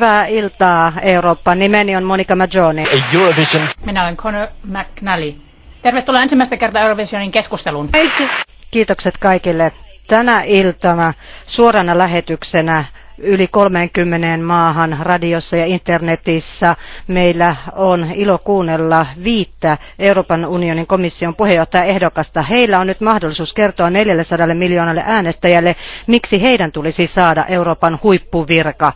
Hyvää iltaa Eurooppa. Nimeni on Monika Majoni. Eurovision. Minä olen Conor McNally. Tervetuloa ensimmäistä kertaa Eurovisionin keskusteluun. Kiitokset kaikille. Tänä iltana suorana lähetyksenä yli 30 maahan radiossa ja internetissä. Meillä on ilo kuunnella viittä Euroopan unionin komission puheenjohtajaehdokasta. Heillä on nyt mahdollisuus kertoa 400 miljoonalle äänestäjälle, miksi heidän tulisi saada Euroopan huippuvirka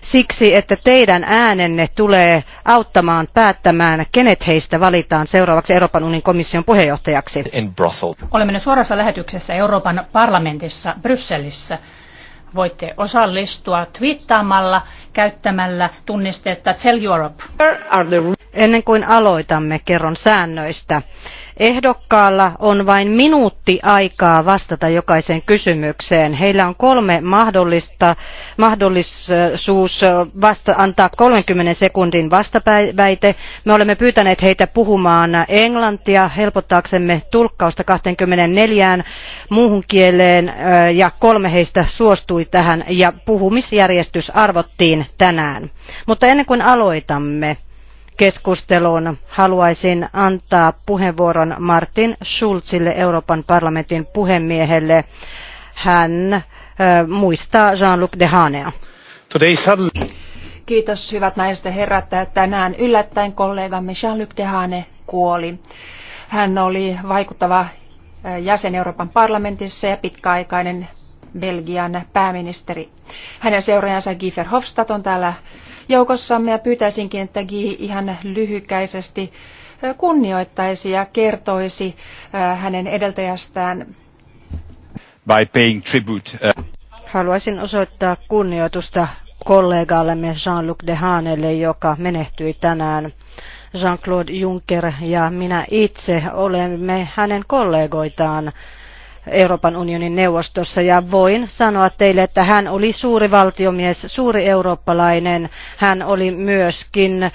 siksi, että teidän äänenne tulee auttamaan päättämään, kenet heistä valitaan seuraavaksi Euroopan unionin komission puheenjohtajaksi. Olemme nyt suorassa lähetyksessä Euroopan parlamentissa Brysselissä. Voitte osallistua twiittaamalla käyttämällä tunnistetta Tell Europe. Ennen kuin aloitamme, kerron säännöistä. Ehdokkaalla on vain minuutti aikaa vastata jokaiseen kysymykseen. Heillä on kolme mahdollista, mahdollisuus vasta, antaa 30 sekuntin vastaväite. Me olemme pyytäneet heitä puhumaan englantia helpottaaksemme tulkkausta 24 muuhun kieleen ja kolme heistä suostui tähän ja puhumisjärjestys arvottiin tänään. Mutta ennen kuin aloitamme, keskusteluun. Haluaisin antaa puheenvuoron Martin Schulzille, Euroopan parlamentin puhemiehelle. Hän muistaa Jean-Luc Dehanea. Kiitos hyvät naiset ja herrat. Tänään yllättäen kollegamme Jean-Luc Dehane kuoli. Hän oli vaikuttava jäsen Euroopan parlamentissa ja pitkäaikainen Belgian pääministeri. Hänen seuraajansa Giefer Hofstad on täällä joukossamme ja pyytäisinkin, että Gi ihan lyhykäisesti kunnioittaisi ja kertoisi hänen edeltäjästään. By paying tribute. Uh, Haluaisin osoittaa kunnioitusta kollegaallemme Jean-Luc Dehanelle, joka menehtyi tänään. Jean-Claude Juncker ja minä itse olemme hänen kollegoitaan Euroopan unionin neuvostossa ja voin sanoa teille, että hän oli suuri valtiomies, suuri eurooppalainen. Hän oli myöskin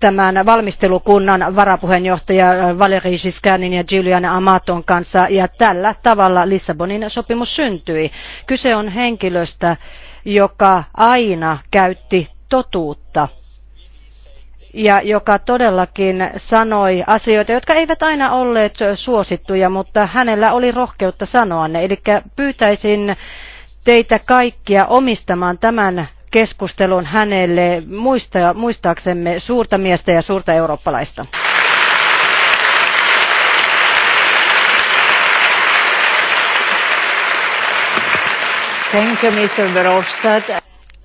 tämän valmistelukunnan varapuheenjohtaja Valeri Giscardin ja Julian Amaton kanssa ja tällä tavalla Lissabonin sopimus syntyi. Kyse on henkilöstä, joka aina käytti totuutta ja joka todellakin sanoi asioita, jotka eivät aina olleet suosittuja, mutta hänellä oli rohkeutta sanoa ne. Eli pyytäisin teitä kaikkia omistamaan tämän keskustelun hänelle muista, muistaaksemme suurta miestä ja suurta eurooppalaista.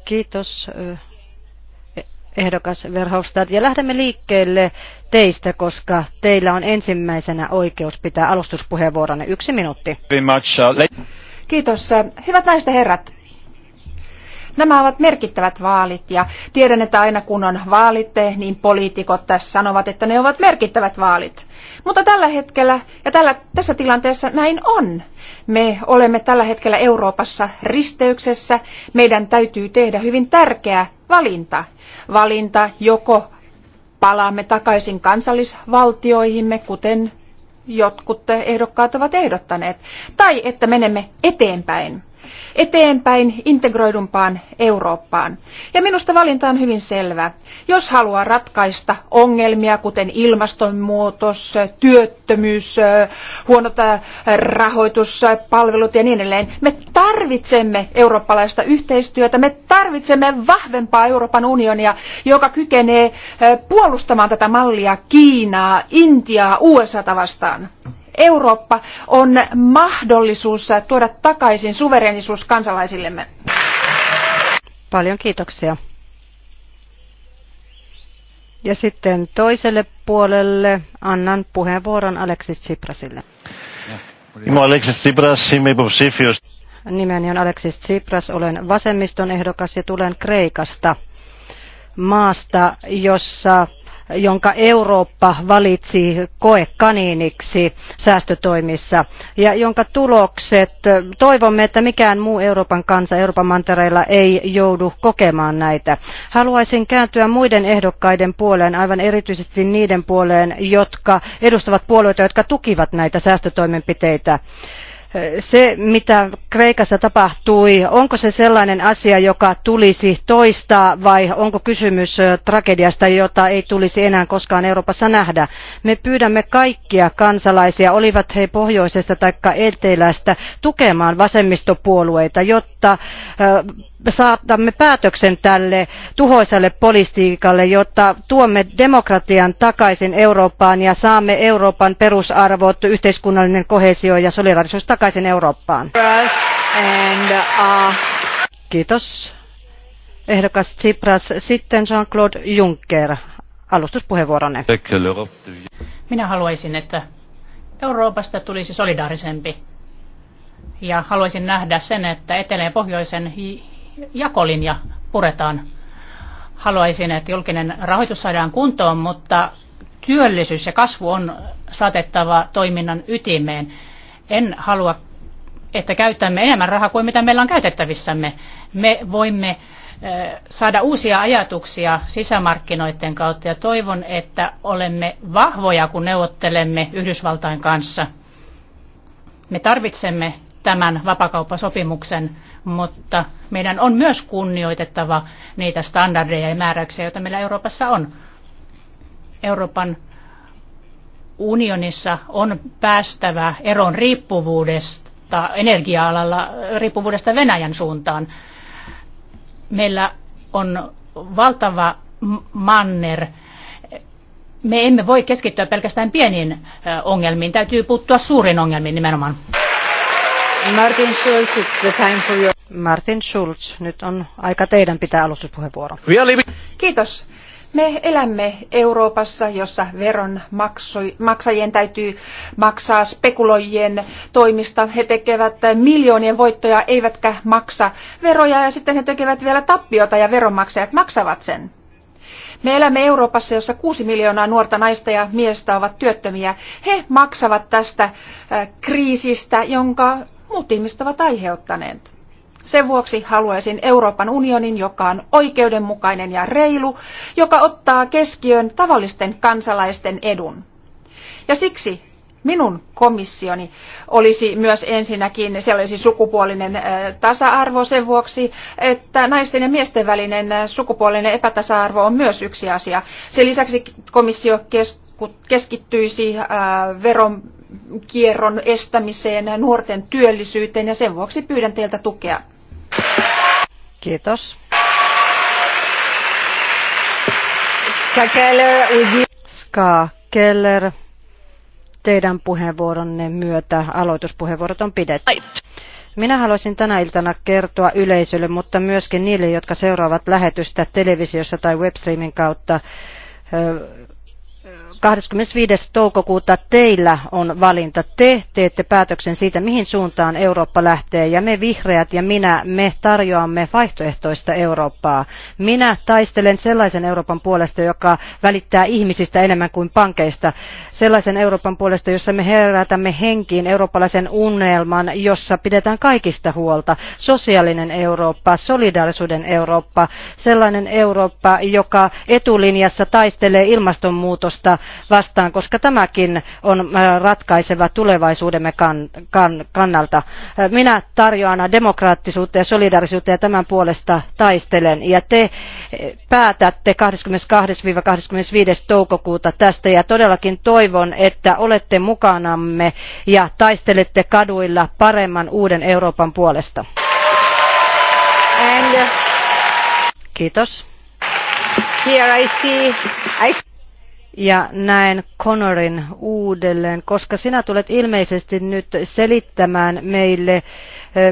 Kiitos ehdokas Verhofstadt. Ja lähdemme liikkeelle teistä, koska teillä on ensimmäisenä oikeus pitää alustuspuheenvuoronne. Yksi minuutti. Uh, Kiitos. Hyvät naiset ja herrat, Nämä ovat merkittävät vaalit ja tiedän, että aina kun on vaalit, niin poliitikot tässä sanovat, että ne ovat merkittävät vaalit. Mutta tällä hetkellä ja tällä, tässä tilanteessa näin on. Me olemme tällä hetkellä Euroopassa risteyksessä. Meidän täytyy tehdä hyvin tärkeä valinta valinta, joko palaamme takaisin kansallisvaltioihimme, kuten jotkut ehdokkaat ovat ehdottaneet, tai että menemme eteenpäin eteenpäin integroidumpaan Eurooppaan. Ja minusta valinta on hyvin selvä. Jos haluaa ratkaista ongelmia, kuten ilmastonmuutos, työttömyys, huonot äh, palvelut ja niin edelleen, me tarvitsemme eurooppalaista yhteistyötä, me tarvitsemme vahvempaa Euroopan unionia, joka kykenee äh, puolustamaan tätä mallia Kiinaa, Intiaa, USAta vastaan. Eurooppa on mahdollisuus tuoda takaisin suverenisuus kansalaisillemme. Paljon kiitoksia. Ja sitten toiselle puolelle annan puheenvuoron Alexis Tsiprasille. Είμαι ο Αλέξης Τσίπρας, Nimeni on Alexis Tsipras, olen vasemmiston ehdokas ja tulen Kreikasta, maasta, jossa jonka Eurooppa valitsi koekaniiniksi säästötoimissa ja jonka tulokset toivomme, että mikään muu Euroopan kansa Euroopan mantereilla ei joudu kokemaan näitä. Haluaisin kääntyä muiden ehdokkaiden puoleen, aivan erityisesti niiden puoleen, jotka edustavat puolueita, jotka tukivat näitä säästötoimenpiteitä se, mitä Kreikassa tapahtui, onko se sellainen asia, joka tulisi toistaa vai onko kysymys tragediasta, jota ei tulisi enää koskaan Euroopassa nähdä? Me pyydämme kaikkia kansalaisia, olivat he pohjoisesta tai etelästä, tukemaan vasemmistopuolueita, jotta saatamme päätöksen tälle tuhoisalle politiikalle, jotta tuomme demokratian takaisin Eurooppaan ja saamme Euroopan perusarvot, yhteiskunnallinen kohesio ja solidaarisuus takaisin takaisin Eurooppaan. Uh, Kiitos. Ehdokas Tsipras, sitten Jean-Claude Juncker, alustuspuheenvuoronne. Minä haluaisin, että Euroopasta tulisi solidaarisempi. Ja haluaisin nähdä sen, että etelä- ja pohjoisen jakolinja puretaan. Haluaisin, että julkinen rahoitus saadaan kuntoon, mutta työllisyys ja kasvu on saatettava toiminnan ytimeen. En halua, että käytämme enemmän rahaa kuin mitä meillä on käytettävissämme. Me voimme saada uusia ajatuksia sisämarkkinoiden kautta ja toivon, että olemme vahvoja, kun neuvottelemme Yhdysvaltain kanssa. Me tarvitsemme tämän vapakauppasopimuksen, mutta meidän on myös kunnioitettava niitä standardeja ja määräyksiä, joita meillä Euroopassa on. Euroopan unionissa on päästävä eron riippuvuudesta energia-alalla, riippuvuudesta Venäjän suuntaan. Meillä on valtava manner. Me emme voi keskittyä pelkästään pieniin ongelmiin, täytyy puuttua suuriin ongelmiin nimenomaan. Martin Schulz, it's the time for your... Martin Schulz, nyt on aika teidän pitää alustuspuheenvuoro. Kiitos. Me elämme Euroopassa, jossa veronmaksajien täytyy maksaa spekuloijien toimista. He tekevät miljoonien voittoja eivätkä maksa veroja ja sitten he tekevät vielä tappiota ja veronmaksajat maksavat sen. Me elämme Euroopassa, jossa kuusi miljoonaa nuorta naista ja miestä ovat työttömiä. He maksavat tästä äh, kriisistä, jonka muut ihmiset ovat aiheuttaneet. Sen vuoksi haluaisin Euroopan unionin, joka on oikeudenmukainen ja reilu, joka ottaa keskiön tavallisten kansalaisten edun. Ja siksi minun komissioni olisi myös ensinnäkin, se olisi sukupuolinen tasa-arvo sen vuoksi, että naisten ja miesten välinen sukupuolinen epätasa-arvo on myös yksi asia. Sen lisäksi komissio kes- keskittyisi äh, veronkierron estämiseen, ja nuorten työllisyyteen ja sen vuoksi pyydän teiltä tukea. Kiitos. Ska Keller, teidän puheenvuoronne myötä aloituspuheenvuorot on pidetty. Minä haluaisin tänä iltana kertoa yleisölle, mutta myöskin niille, jotka seuraavat lähetystä televisiossa tai webstreamin kautta, 25. toukokuuta teillä on valinta. Te teette päätöksen siitä, mihin suuntaan Eurooppa lähtee. Ja me vihreät ja minä, me tarjoamme vaihtoehtoista Eurooppaa. Minä taistelen sellaisen Euroopan puolesta, joka välittää ihmisistä enemmän kuin pankeista. Sellaisen Euroopan puolesta, jossa me herätämme henkiin eurooppalaisen unelman, jossa pidetään kaikista huolta. Sosiaalinen Eurooppa, solidaarisuuden Eurooppa, sellainen Eurooppa, joka etulinjassa taistelee ilmastonmuutosta muutosta vastaan, koska tämäkin on äh, ratkaiseva tulevaisuudemme kannalta. Äh, minä tarjoan demokraattisuutta ja solidaarisuutta ja tämän puolesta taistelen. Ja te äh, päätätte 22-25. toukokuuta tästä ja todellakin toivon, että olette mukanamme ja taistelette kaduilla paremman uuden Euroopan puolesta. Uh, Kiitos. Here I see, I ja näen Connorin uudelleen, koska sinä tulet ilmeisesti nyt selittämään meille,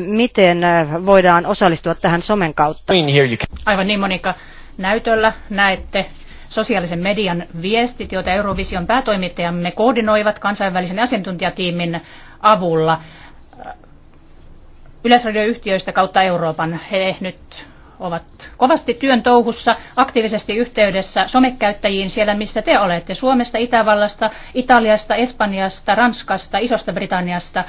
miten voidaan osallistua tähän somen kautta. Aivan niin Monika, näytöllä näette sosiaalisen median viestit, joita Eurovision päätoimittajamme koordinoivat kansainvälisen asiantuntijatiimin avulla yleisradioyhtiöistä kautta Euroopan. He nyt ovat kovasti työn touhussa, aktiivisesti yhteydessä somekäyttäjiin siellä, missä te olette, Suomesta, Itävallasta, Italiasta, Espanjasta, Ranskasta, Isosta Britanniasta.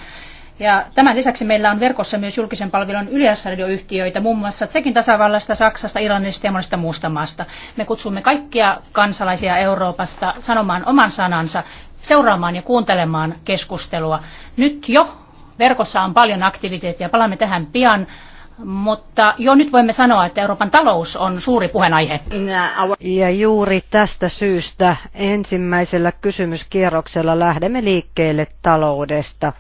Ja tämän lisäksi meillä on verkossa myös julkisen palvelun yliasradioyhtiöitä, muun muassa Tsekin tasavallasta, Saksasta, Irlannista ja monesta muusta maasta. Me kutsumme kaikkia kansalaisia Euroopasta sanomaan oman sanansa, seuraamaan ja kuuntelemaan keskustelua. Nyt jo verkossa on paljon aktiviteettia, palaamme tähän pian mutta jo nyt voimme sanoa, että Euroopan talous on suuri puheenaihe. Ja juuri tästä syystä ensimmäisellä kysymyskierroksella lähdemme liikkeelle taloudesta.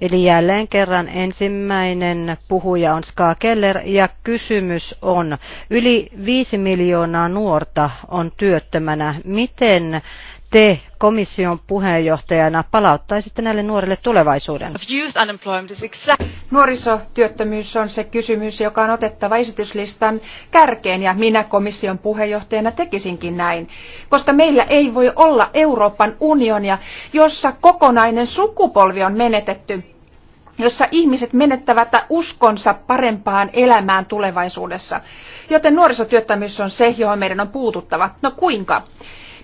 Eli jälleen kerran ensimmäinen puhuja on Ska Keller ja kysymys on, yli 5 miljoonaa nuorta on työttömänä. Miten te komission puheenjohtajana palauttaisitte näille nuorille tulevaisuuden? Nuorisotyöttömyys on se kysymys, joka on otettava esityslistan kärkeen ja minä komission puheenjohtajana tekisinkin näin. Koska meillä ei voi olla Euroopan unionia, jossa kokonainen sukupolvi on menetetty jossa ihmiset menettävät uskonsa parempaan elämään tulevaisuudessa. Joten nuorisotyöttömyys on se, johon meidän on puututtava. No kuinka?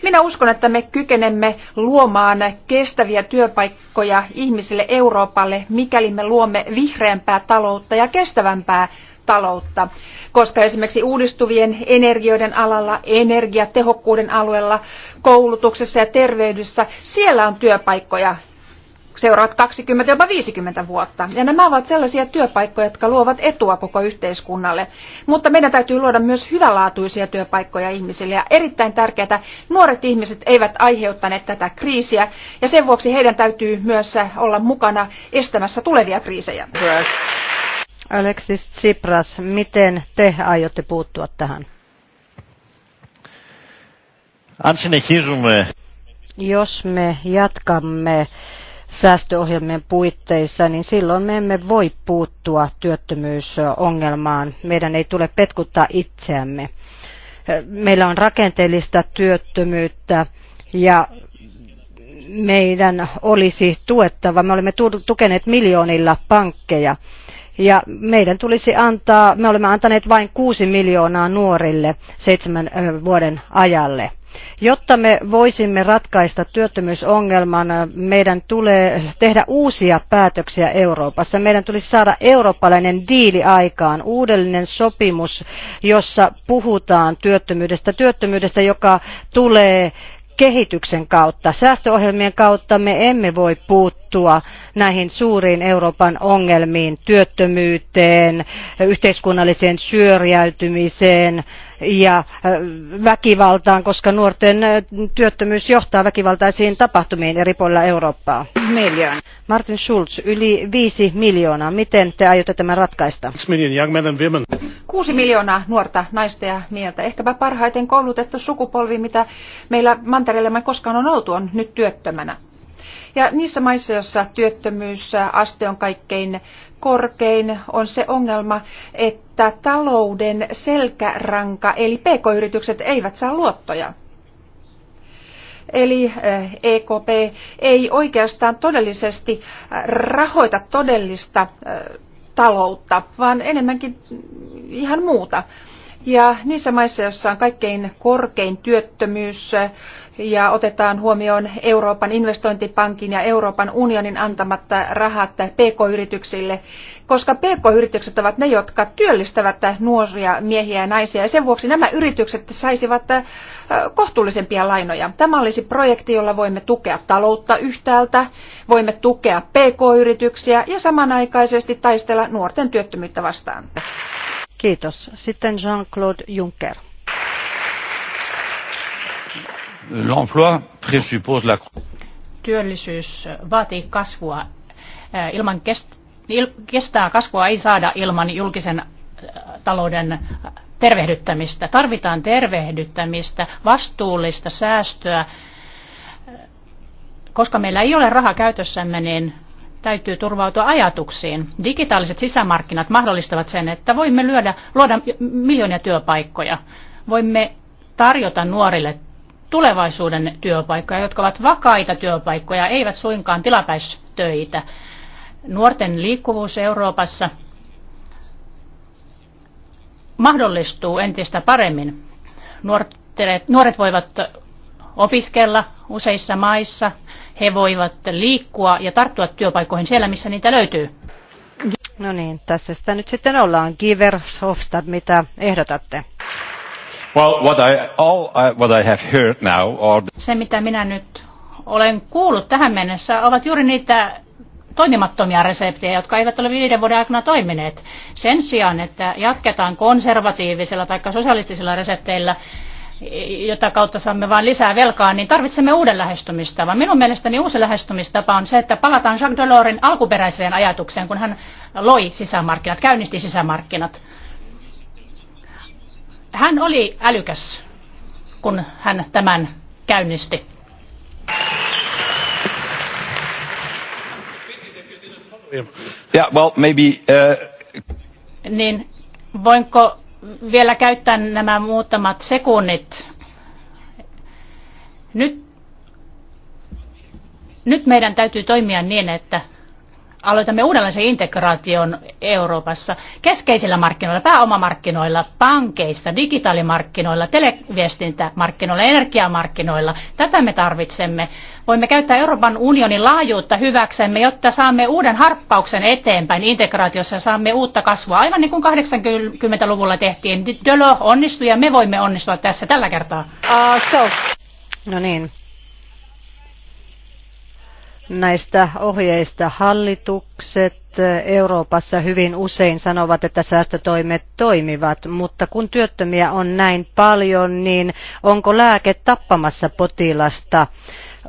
Minä uskon, että me kykenemme luomaan kestäviä työpaikkoja ihmisille Euroopalle, mikäli me luomme vihreämpää taloutta ja kestävämpää taloutta, koska esimerkiksi uudistuvien energioiden alalla, energiatehokkuuden alueella, koulutuksessa ja terveydessä, siellä on työpaikkoja seuraavat 20 jopa 50 vuotta. Ja nämä ovat sellaisia työpaikkoja, jotka luovat etua koko yhteiskunnalle. Mutta meidän täytyy luoda myös hyvälaatuisia työpaikkoja ihmisille. Ja erittäin tärkeää, nuoret ihmiset eivät aiheuttaneet tätä kriisiä. Ja sen vuoksi heidän täytyy myös olla mukana estämässä tulevia kriisejä. Alexis Tsipras, miten te aiotte puuttua tähän? Jos me jatkamme säästöohjelmien puitteissa, niin silloin me emme voi puuttua työttömyysongelmaan. Meidän ei tule petkuttaa itseämme. Meillä on rakenteellista työttömyyttä ja meidän olisi tuettava. Me olemme tukeneet miljoonilla pankkeja. Ja meidän tulisi antaa, me olemme antaneet vain 6 miljoonaa nuorille seitsemän vuoden ajalle. Jotta me voisimme ratkaista työttömyysongelman, meidän tulee tehdä uusia päätöksiä Euroopassa. Meidän tulisi saada eurooppalainen diili aikaan, uudellinen sopimus, jossa puhutaan työttömyydestä, työttömyydestä, joka tulee kehityksen kautta. Säästöohjelmien kautta me emme voi puuttua näihin suuriin Euroopan ongelmiin, työttömyyteen, yhteiskunnalliseen syrjäytymiseen, ja äh, väkivaltaan, koska nuorten äh, työttömyys johtaa väkivaltaisiin tapahtumiin eri puolilla Eurooppaa. Miljoon. Martin Schulz, yli viisi miljoonaa. Miten te aiotte tämän ratkaista? Kuusi miljoonaa nuorta naista ja mieltä. Ehkäpä parhaiten koulutettu sukupolvi, mitä meillä Mantereellemme koskaan on oltu, on nyt työttömänä. Ja niissä maissa, joissa työttömyysaste on kaikkein korkein on se ongelma, että talouden selkäranka eli pk-yritykset eivät saa luottoja. Eli EKP eh, e ei oikeastaan todellisesti eh, rahoita todellista eh, taloutta, vaan enemmänkin ihan muuta. Ja niissä maissa, joissa on kaikkein korkein työttömyys ja otetaan huomioon Euroopan investointipankin ja Euroopan unionin antamat rahat PK-yrityksille, koska PK-yritykset ovat ne, jotka työllistävät nuoria miehiä ja naisia ja sen vuoksi nämä yritykset saisivat kohtuullisempia lainoja. Tämä olisi projekti, jolla voimme tukea taloutta yhtäältä, voimme tukea PK-yrityksiä ja samanaikaisesti taistella nuorten työttömyyttä vastaan. Kiitos. Sitten Jean-Claude Juncker. L'emploi présuppose la... Työllisyys vaatii kasvua. Äh, ilman kestää kasvua ei saada ilman julkisen äh, talouden äh, tervehdyttämistä. Tarvitaan tervehdyttämistä, vastuullista säästöä. Koska meillä ei ole raha käytössämme, niin täytyy turvautua ajatuksiin. Digitaaliset sisämarkkinat mahdollistavat sen, että voimme lyödä, luoda miljoonia työpaikkoja. Voimme tarjota nuorille tulevaisuuden työpaikkoja, jotka ovat vakaita työpaikkoja, eivät suinkaan tilapäistöitä. Nuorten liikkuvuus Euroopassa mahdollistuu entistä paremmin. nuoret voivat opiskella useissa maissa. He voivat liikkua ja tarttua työpaikkoihin siellä, missä niitä löytyy. No niin, tässä sitä nyt sitten ollaan. Giver Hofstad, mitä ehdotatte? Well, what I, all I, what I have heard now are... Se, mitä minä nyt olen kuullut tähän mennessä, ovat juuri niitä toimimattomia reseptejä, jotka eivät ole viiden vuoden aikana toimineet. Sen sijaan, että jatketaan konservatiivisella tai sosialistisilla resepteillä, jota kautta saamme vain lisää velkaa, niin tarvitsemme uuden lähestymistavan. Minun mielestäni uusi lähestymistapa on se, että palataan Jacques Delorsin alkuperäiseen ajatukseen, kun hän loi sisämarkkinat, käynnisti sisämarkkinat. Hän oli älykäs, kun hän tämän käynnisti. Yeah, well, maybe, uh... Niin voinko vielä käyttää nämä muutamat sekunnit. Nyt, nyt meidän täytyy toimia niin, että aloitamme uudenlaisen integraation Euroopassa keskeisillä markkinoilla, pääomamarkkinoilla, pankeissa, digitaalimarkkinoilla, televiestintämarkkinoilla, energiamarkkinoilla. Tätä me tarvitsemme. Voimme käyttää Euroopan unionin laajuutta hyväksemme, jotta saamme uuden harppauksen eteenpäin integraatiossa ja saamme uutta kasvua. Aivan niin kuin 80-luvulla tehtiin. Delo onnistui ja me voimme onnistua tässä tällä kertaa. Uh, so. No niin näistä ohjeista. Hallitukset Euroopassa hyvin usein sanovat, että säästötoimet toimivat, mutta kun työttömiä on näin paljon, niin onko lääke tappamassa potilasta?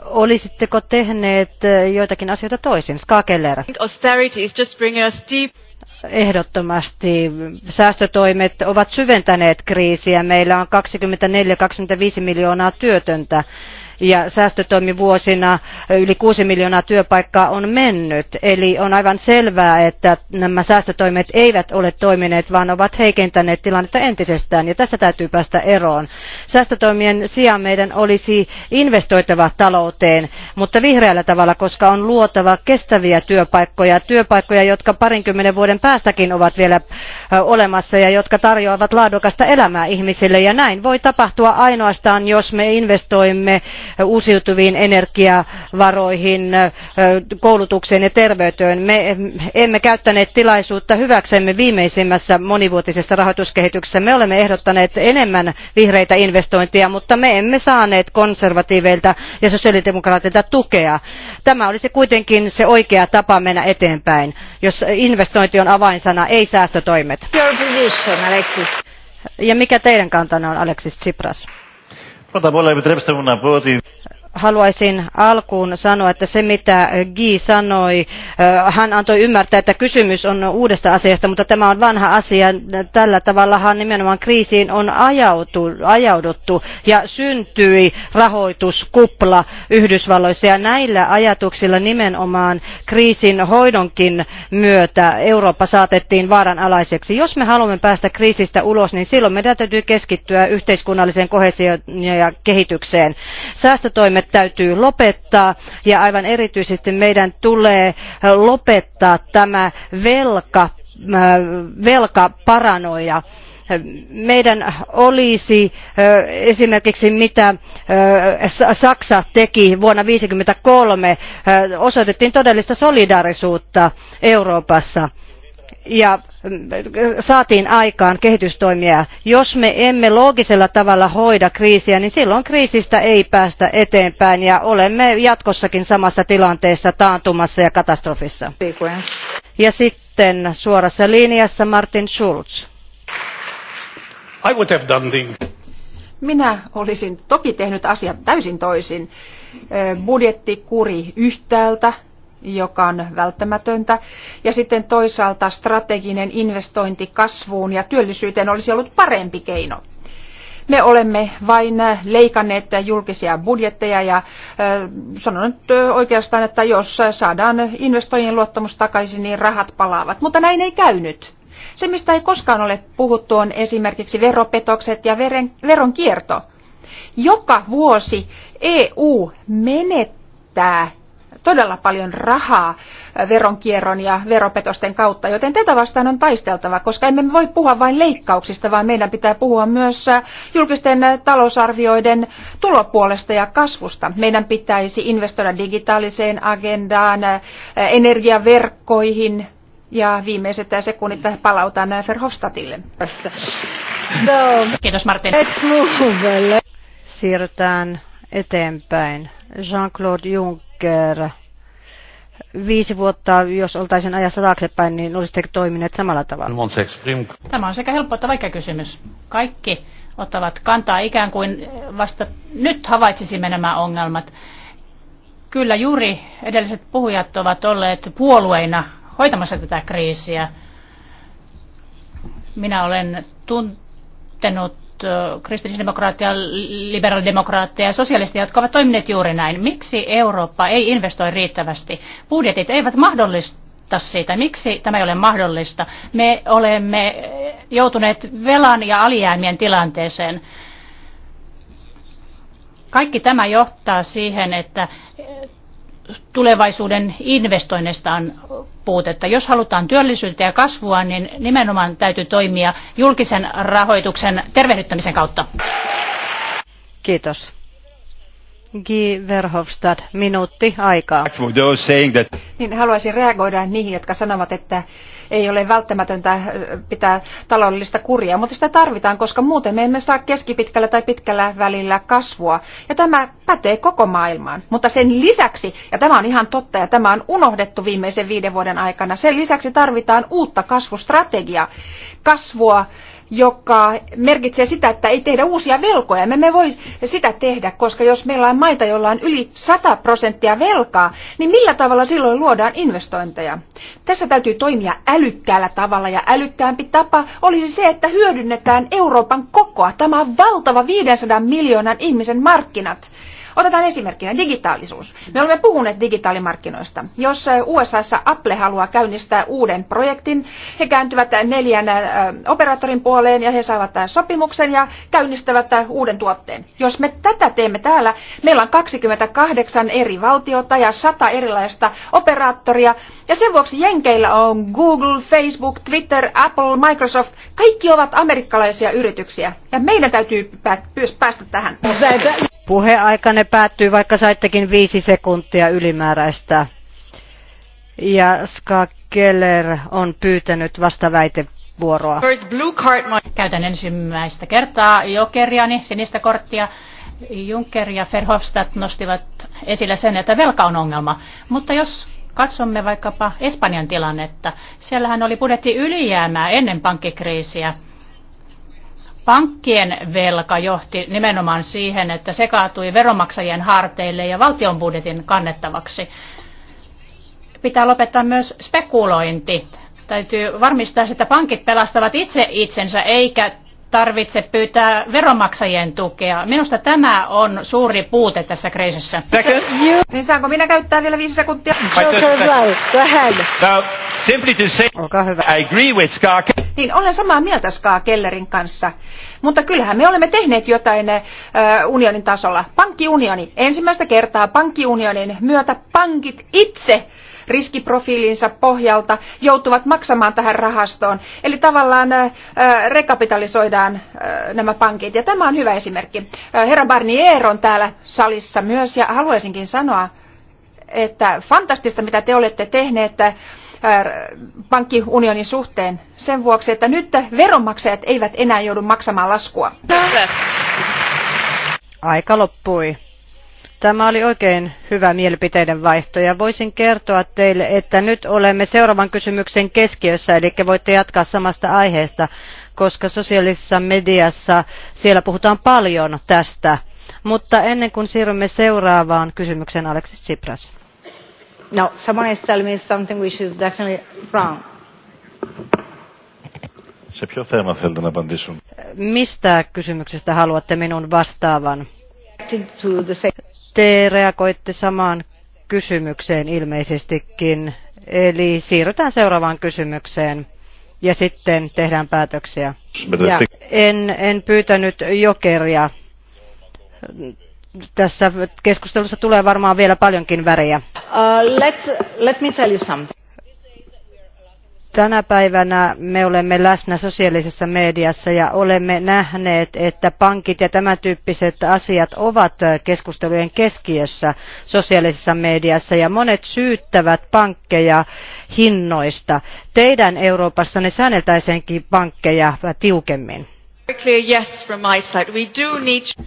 Olisitteko tehneet joitakin asioita toisin? Skakeler. Ehdottomasti säästötoimet ovat syventäneet kriisiä. Meillä on 24-25 miljoonaa työtöntä ja säästötoimivuosina yli 6 miljoonaa työpaikkaa on mennyt. Eli on aivan selvää, että nämä säästötoimet eivät ole toimineet, vaan ovat heikentäneet tilannetta entisestään ja tästä täytyy päästä eroon. Säästötoimien sijaan meidän olisi investoitava talouteen, mutta vihreällä tavalla, koska on luotava kestäviä työpaikkoja, työpaikkoja, jotka parinkymmenen vuoden päästäkin ovat vielä olemassa ja jotka tarjoavat laadukasta elämää ihmisille. Ja näin voi tapahtua ainoastaan, jos me investoimme uusiutuviin energiavaroihin, koulutukseen ja terveyteen. Me emme käyttäneet tilaisuutta hyväksemme viimeisimmässä monivuotisessa rahoituskehityksessä. Me olemme ehdottaneet enemmän vihreitä investointeja, mutta me emme saaneet konservatiiveilta ja sosiaalidemokraateilta tukea. Tämä olisi kuitenkin se oikea tapa mennä eteenpäin, jos investointi on avainsana, ei säästötoimet. Ja mikä teidän kantanne on, Alexis Tsipras? Πρώτα απ' όλα επιτρέψτε μου να πω ότι haluaisin alkuun sanoa, että se mitä Guy sanoi, äh, hän antoi ymmärtää, että kysymys on uudesta asiasta, mutta tämä on vanha asia. Tällä tavallahan nimenomaan kriisiin on ajautu, ajauduttu ja syntyi rahoituskupla Yhdysvalloissa. Ja näillä ajatuksilla nimenomaan kriisin hoidonkin myötä Eurooppa saatettiin vaaranalaiseksi. Jos me haluamme päästä kriisistä ulos, niin silloin meidän täytyy keskittyä yhteiskunnalliseen kohesioon ja kehitykseen. Säästötoimet täytyy lopettaa ja aivan erityisesti meidän tulee lopettaa tämä velka, äh, velkaparanoja. meidän olisi äh, esimerkiksi mitä äh, Saksa teki vuonna 1953, osoitettiin todellista solidaarisuutta Euroopassa ja saatiin aikaan kehitystoimia. Jos me emme loogisella tavalla hoida kriisiä, niin silloin kriisistä ei päästä eteenpäin ja olemme jatkossakin samassa tilanteessa taantumassa ja katastrofissa. Ja sitten suorassa linjassa Martin Schulz. I would have done Minä olisin toki tehnyt asiat täysin toisin. Budjettikuri yhtäältä, joka on välttämätöntä. Ja sitten toisaalta strateginen investointi kasvuun ja työllisyyteen olisi ollut parempi keino. Me olemme vain leikanneet julkisia budjetteja ja sanon nyt oikeastaan, että jos saadaan investoijien luottamus takaisin, niin rahat palaavat. Mutta näin ei käynyt. Se, mistä ei koskaan ole puhuttu, on esimerkiksi veropetokset ja veren, veronkierto. Joka vuosi EU menettää todella paljon rahaa veronkierron ja veropetosten kautta, joten tätä vastaan on taisteltava, koska emme voi puhua vain leikkauksista, vaan meidän pitää puhua myös äh, julkisten äh, talousarvioiden tulopuolesta ja kasvusta. Meidän pitäisi investoida digitaaliseen agendaan, äh, energiaverkkoihin ja viimeiset sekunnit palautan Verhofstadille. Kiitos Martin. Siirrytään eteenpäin. Jean-Claude Juncker Becker, viisi vuotta, jos oltaisiin ajassa taaksepäin, niin olisitteko toimineet samalla tavalla? Tämä on sekä helppo että vaikea kysymys. Kaikki ottavat kantaa ikään kuin vasta nyt havaitsisimme nämä ongelmat. Kyllä juuri edelliset puhujat ovat olleet puolueina hoitamassa tätä kriisiä. Minä olen tuntenut kristillisdemokraattia, liberaalidemokraatteja ja sosialistia, jotka ovat toimineet juuri näin. Miksi Eurooppa ei investoi riittävästi? Budjetit eivät mahdollista sitä. Miksi tämä ei ole mahdollista? Me olemme joutuneet velan ja alijäämien tilanteeseen. Kaikki tämä johtaa siihen, että tulevaisuuden investoinneista on puutetta. Jos halutaan työllisyyttä ja kasvua, niin nimenomaan täytyy toimia julkisen rahoituksen tervehdyttämisen kautta. Kiitos. Guy Verhofstadt, minuutti aikaa. Niin haluaisin reagoida niihin, jotka sanovat, että ei ole välttämätöntä äh, pitää taloudellista kuria, mutta sitä tarvitaan, koska muuten me emme saa keskipitkällä tai pitkällä välillä kasvua. Ja tämä pätee koko maailmaan. Mutta sen lisäksi, ja tämä on ihan totta ja tämä on unohdettu viimeisen viiden vuoden aikana, sen lisäksi tarvitaan uutta kasvustrategiaa, kasvua joka merkitsee sitä, että ei tehdä uusia velkoja. Me emme voi sitä tehdä, koska jos meillä on maita, joilla on yli 100 prosenttia velkaa, niin millä tavalla silloin luodaan investointeja? Tässä täytyy toimia älykkäällä tavalla ja älykkäämpi tapa olisi se, että hyödynnetään Euroopan kokoa. Tämä on valtava 500 miljoonan ihmisen markkinat Otetaan esimerkkinä digitaalisuus. Me olemme puhuneet digitaalimarkkinoista. Jos USAssa Apple haluaa käynnistää uuden projektin, he kääntyvät neljän operaattorin puoleen ja he saavat sopimuksen ja käynnistävät uuden tuotteen. Jos me tätä teemme täällä, meillä on 28 eri valtiota ja 100 erilaista operaattoria ja sen vuoksi Jenkeillä on Google, Facebook, Twitter, Apple, Microsoft. Kaikki ovat amerikkalaisia yrityksiä ja meidän täytyy päästä tähän puheaikanne päättyy, vaikka saittekin viisi sekuntia ylimääräistä. Ja Ska Keller on pyytänyt vastaväitevuoroa. Käytän ensimmäistä kertaa jokeriani, sinistä korttia. Juncker ja Verhofstadt nostivat esille sen, että velka on ongelma. Mutta jos katsomme vaikkapa Espanjan tilannetta, siellähän oli budjetti ylijäämää ennen pankkikriisiä – Pankkien velka johti nimenomaan siihen, että se kaatui veronmaksajien harteille ja valtion budjetin kannettavaksi. Pitää lopettaa myös spekulointi. Täytyy varmistaa, että pankit pelastavat itse itsensä eikä tarvitse pyytää veronmaksajien tukea. Minusta tämä on suuri puute tässä kriisissä. Niin saanko minä käyttää vielä viisi sekuntia? simply to say, Olkaa hyvä. I agree with Ska. Niin, olen samaa mieltä Ska Kellerin kanssa. Mutta kyllähän me olemme tehneet jotain äh, unionin tasolla. Pankkiunioni. Ensimmäistä kertaa pankkiunionin myötä pankit itse riskiprofiilinsa pohjalta joutuvat maksamaan tähän rahastoon. Eli tavallaan äh, äh, rekapitalisoidaan äh, nämä pankit. Ja tämä on hyvä esimerkki. Herra Barnier on täällä salissa myös ja haluaisinkin sanoa, että fantastista mitä te olette tehneet, että pankkiunionin suhteen sen vuoksi, että nyt veronmaksajat eivät enää joudu maksamaan laskua. Aika loppui. Tämä oli oikein hyvä mielipiteiden vaihto ja voisin kertoa teille, että nyt olemme seuraavan kysymyksen keskiössä, eli voitte jatkaa samasta aiheesta, koska sosiaalisessa mediassa siellä puhutaan paljon tästä. Mutta ennen kuin siirrymme seuraavaan kysymykseen, Alexis Tsipras. No, someone is telling me something which is definitely wrong. Σε ποιο θέμα θέλετε να απαντήσουν. Mistä kysymyksestä haluatte minun vastaavan? Te reagoitte samaan kysymykseen ilmeisestikin. Eli siirrytään seuraavaan kysymykseen ja sitten tehdään päätöksiä. Ja en, en pyytänyt jokeria. Tässä keskustelussa tulee varmaan vielä paljonkin väriä. Uh, let, let me tell you something. Tänä päivänä me olemme läsnä sosiaalisessa mediassa ja olemme nähneet, että pankit ja tämän tyyppiset asiat ovat keskustelujen keskiössä sosiaalisessa mediassa ja monet syyttävät pankkeja hinnoista. Teidän Euroopassanne säänneltäisiinkin pankkeja tiukemmin.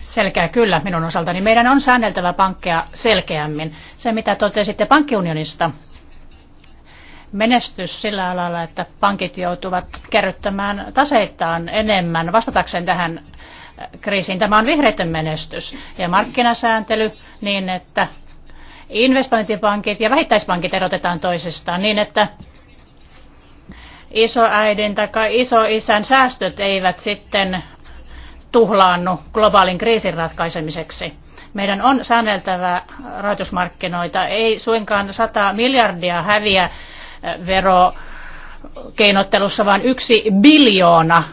Selkeä kyllä minun osaltani. Meidän on säänneltävä pankkeja selkeämmin. Se mitä totesitte pankkiunionista menestys sillä alalla, että pankit joutuvat kerryttämään taseitaan enemmän vastatakseen tähän äh, kriisiin. Tämä on vihreiden menestys ja markkinasääntely niin, että investointipankit ja vähittäispankit erotetaan toisistaan niin, että isoäidin tai isoisän säästöt eivät sitten tuhlaannu globaalin kriisin ratkaisemiseksi. Meidän on säänneltävä rahoitusmarkkinoita. Ei suinkaan 100 miljardia häviä verokeinottelussa, vain yksi biljoona.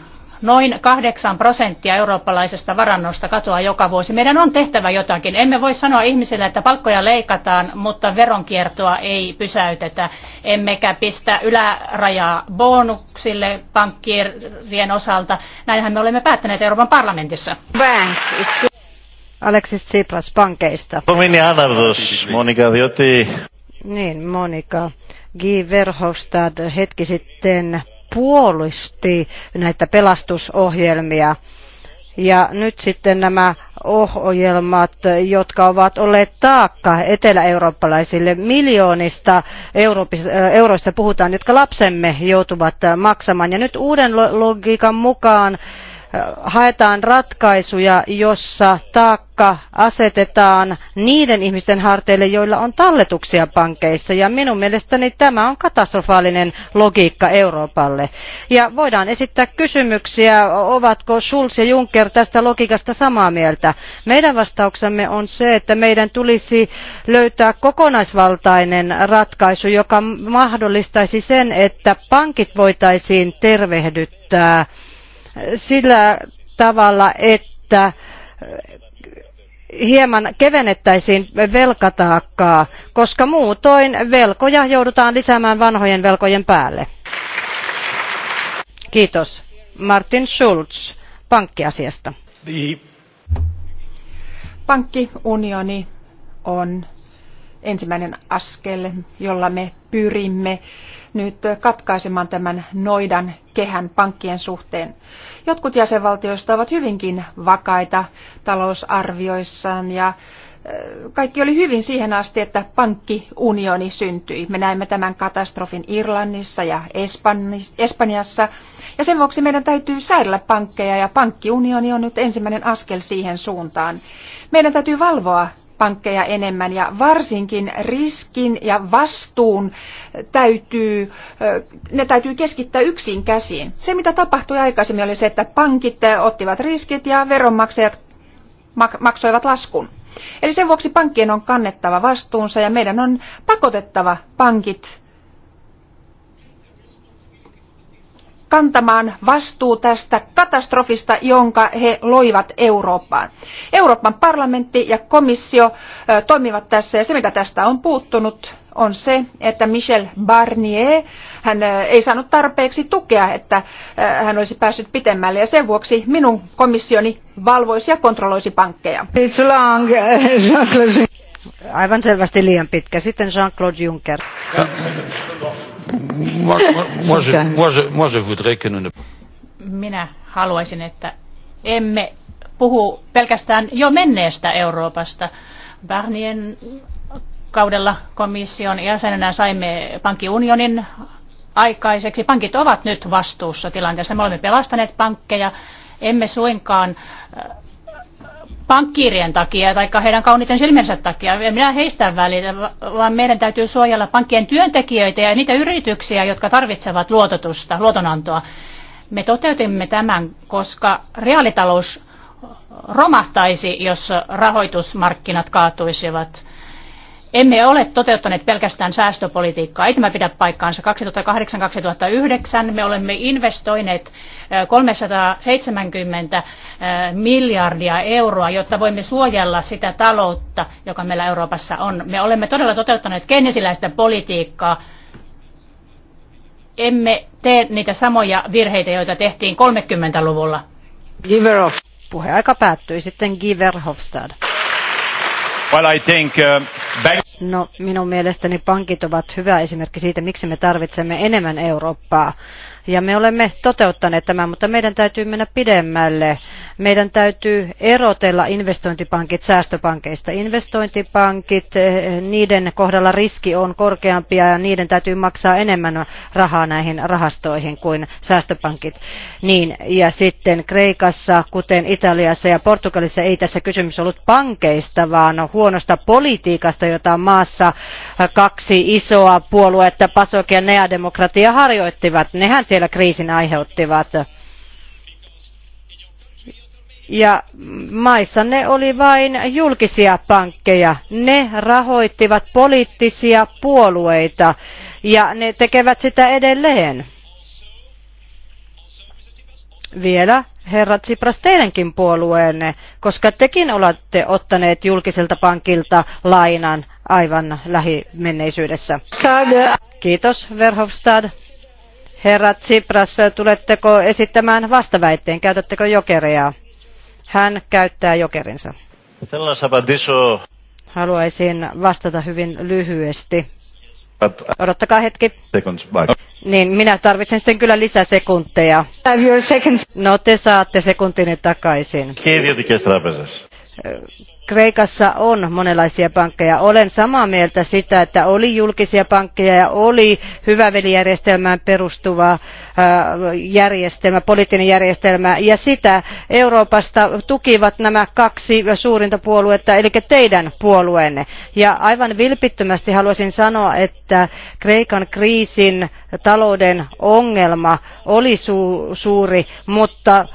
Noin kahdeksan prosenttia eurooppalaisesta varannosta katoaa joka vuosi. Meidän on tehtävä jotakin. Emme voi sanoa ihmisille, että palkkoja leikataan, mutta veronkiertoa ei pysäytetä. Emmekä pistä ylärajaa bonuksille pankkirien osalta. Näinhän me olemme päättäneet Euroopan parlamentissa. Banks, Alexis Tsipras pankeista. Monika, Niin, Monika. Guy Verhofstadt hetki sitten puolusti näitä pelastusohjelmia. Ja nyt sitten nämä ohjelmat, jotka ovat olleet taakka etelä-eurooppalaisille miljoonista äh, euroista puhutaan, jotka lapsemme joutuvat maksamaan. Ja nyt uuden logiikan mukaan haetaan ratkaisuja, jossa taakka asetetaan niiden ihmisten harteille, joilla on talletuksia pankeissa. Ja minun mielestäni tämä on katastrofaalinen logiikka Euroopalle. Ja voidaan esittää kysymyksiä, ovatko Schulz ja Juncker tästä logiikasta samaa mieltä. Meidän vastauksemme on se, että meidän tulisi löytää kokonaisvaltainen ratkaisu, joka mahdollistaisi sen, että pankit voitaisiin tervehdyttää sillä tavalla, että hieman kevennettäisiin velkataakkaa, koska muutoin velkoja joudutaan lisäämään vanhojen velkojen päälle. Kiitos. Martin Schulz, pankkiasiasta. Pankkiunioni on ensimmäinen askel, jolla me pyrimme nyt katkaisemaan tämän noidan kehän pankkien suhteen. Jotkut jäsenvaltioista ovat hyvinkin vakaita talousarvioissaan ja kaikki oli hyvin siihen asti, että pankkiunioni syntyi. Me näimme tämän katastrofin Irlannissa ja Espanjassa. Ja sen vuoksi meidän täytyy säädellä pankkeja ja pankkiunioni on nyt ensimmäinen askel siihen suuntaan. Meidän täytyy valvoa pankkeja enemmän ja varsinkin riskin ja vastuun täytyy, ne täytyy keskittää yksin käsiin. Se mitä tapahtui aikaisemmin oli se, että pankit ottivat riskit ja veronmaksajat maksoivat laskun. Eli sen vuoksi pankkien on kannettava vastuunsa ja meidän on pakotettava pankit kantamaan vastuu tästä katastrofista, jonka he loivat Eurooppaan. Euroopan parlamentti ja komissio toimivat tässä ja se mikä tästä on puuttunut on se, että Michel Barnier, hän ei saanut tarpeeksi tukea, että hän olisi päässyt pitemmälle ja sen vuoksi minun komissioni valvoisi ja kontrolloisi pankkeja. Eh, Aivan selvästi liian pitkä. Sitten Jean-Claude Juncker. Minä haluaisin, että emme puhu pelkästään jo menneestä Euroopasta. Barnien kaudella komission jäsenenä saimme pankkiunionin aikaiseksi. Pankit ovat nyt vastuussa tilanteessa. Me olemme pelastaneet pankkeja, emme suinkaan pankkiirien takia tai heidän kauniiden silmänsä takia. En minä heistä välitä, vaan meidän täytyy suojella pankkien työntekijöitä ja niitä yrityksiä, jotka tarvitsevat luototusta, luotonantoa. Me toteutimme tämän, koska reaalitalous romahtaisi, jos rahoitusmarkkinat kaatuisivat – emme ole toteuttaneet pelkästään säästöpolitiikkaa. Ei tämä pidä paikkaansa. 2008-2009 me olemme investoineet 370 miljardia euroa, jotta voimme suojella sitä taloutta, joka meillä Euroopassa on. Me olemme todella toteuttaneet kenesiläistä politiikkaa. Emme tee niitä samoja virheitä, joita tehtiin 30-luvulla. Giverhoff. Puheaika päättyi sitten Giverhofstad. Well, I think, uh, No, minun mielestäni pankit ovat hyvä esimerkki siitä, miksi me tarvitsemme enemmän Eurooppaa. Ja me olemme toteuttaneet tämän, mutta meidän täytyy mennä pidemmälle. Meidän täytyy erotella investointipankit säästöpankeista. Investointipankit, eh, niiden kohdalla riski on korkeampia ja niiden täytyy maksaa enemmän rahaa näihin rahastoihin kuin säästöpankit. Niin, ja sitten Kreikassa, kuten Italiassa ja Portugalissa, ei tässä kysymys ollut pankeista, vaan huonosta politiikasta, jota maassa kaksi isoa puoluetta, PASOK ja Nea Demokratia, harjoittivat. Nehän siellä kriisin aiheuttivat. Ja maissanne oli vain julkisia pankkeja. Ne rahoittivat poliittisia puolueita ja ne tekevät sitä edelleen. Vielä herra Tsipras teidänkin puolueenne, koska tekin olette ottaneet julkiselta pankilta lainan aivan lähimenneisyydessä. Kiitos, Verhofstad. Herra Tsipras, tuletteko esittämään vastaväitteen? Käytättekö jokereja? Hän käyttää jokerinsa. Haluaisin vastata hyvin lyhyesti. Odottakaa hetki. Niin, minä tarvitsen sitten kyllä lisää sekunteja. No, te saatte sekuntini takaisin. Kreikassa on monenlaisia pankkeja. Olen samaa mieltä sitä, että oli julkisia pankkeja ja oli hyvävelijärjestelmään perustuva äh, järjestelmä, poliittinen järjestelmä, ja sitä Euroopasta tukivat nämä kaksi suurinta puoluetta, eli teidän puolueenne. Ja aivan vilpittömästi haluaisin sanoa, että Kreikan kriisin talouden ongelma oli su- suuri, mutta äh,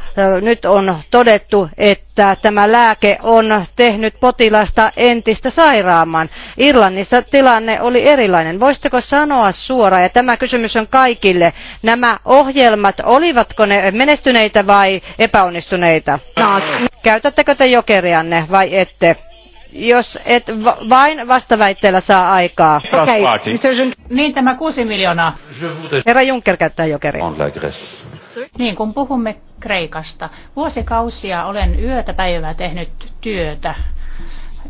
nyt on todettu, että tämä lääke on tehnyt tehnyt potilasta entistä sairaamman. Irlannissa tilanne oli erilainen. Voisitteko sanoa suoraan, ja tämä kysymys on kaikille, nämä ohjelmat, olivatko ne menestyneitä vai epäonnistuneita? Käytättekö te jokerianne vai ette? jos et va- vain vastaväitteellä saa aikaa. Okay. Niin tämä kuusi miljoonaa. Herra Juncker käyttää jokeria. Niin kun puhumme Kreikasta, vuosikausia olen yötä päivää tehnyt työtä.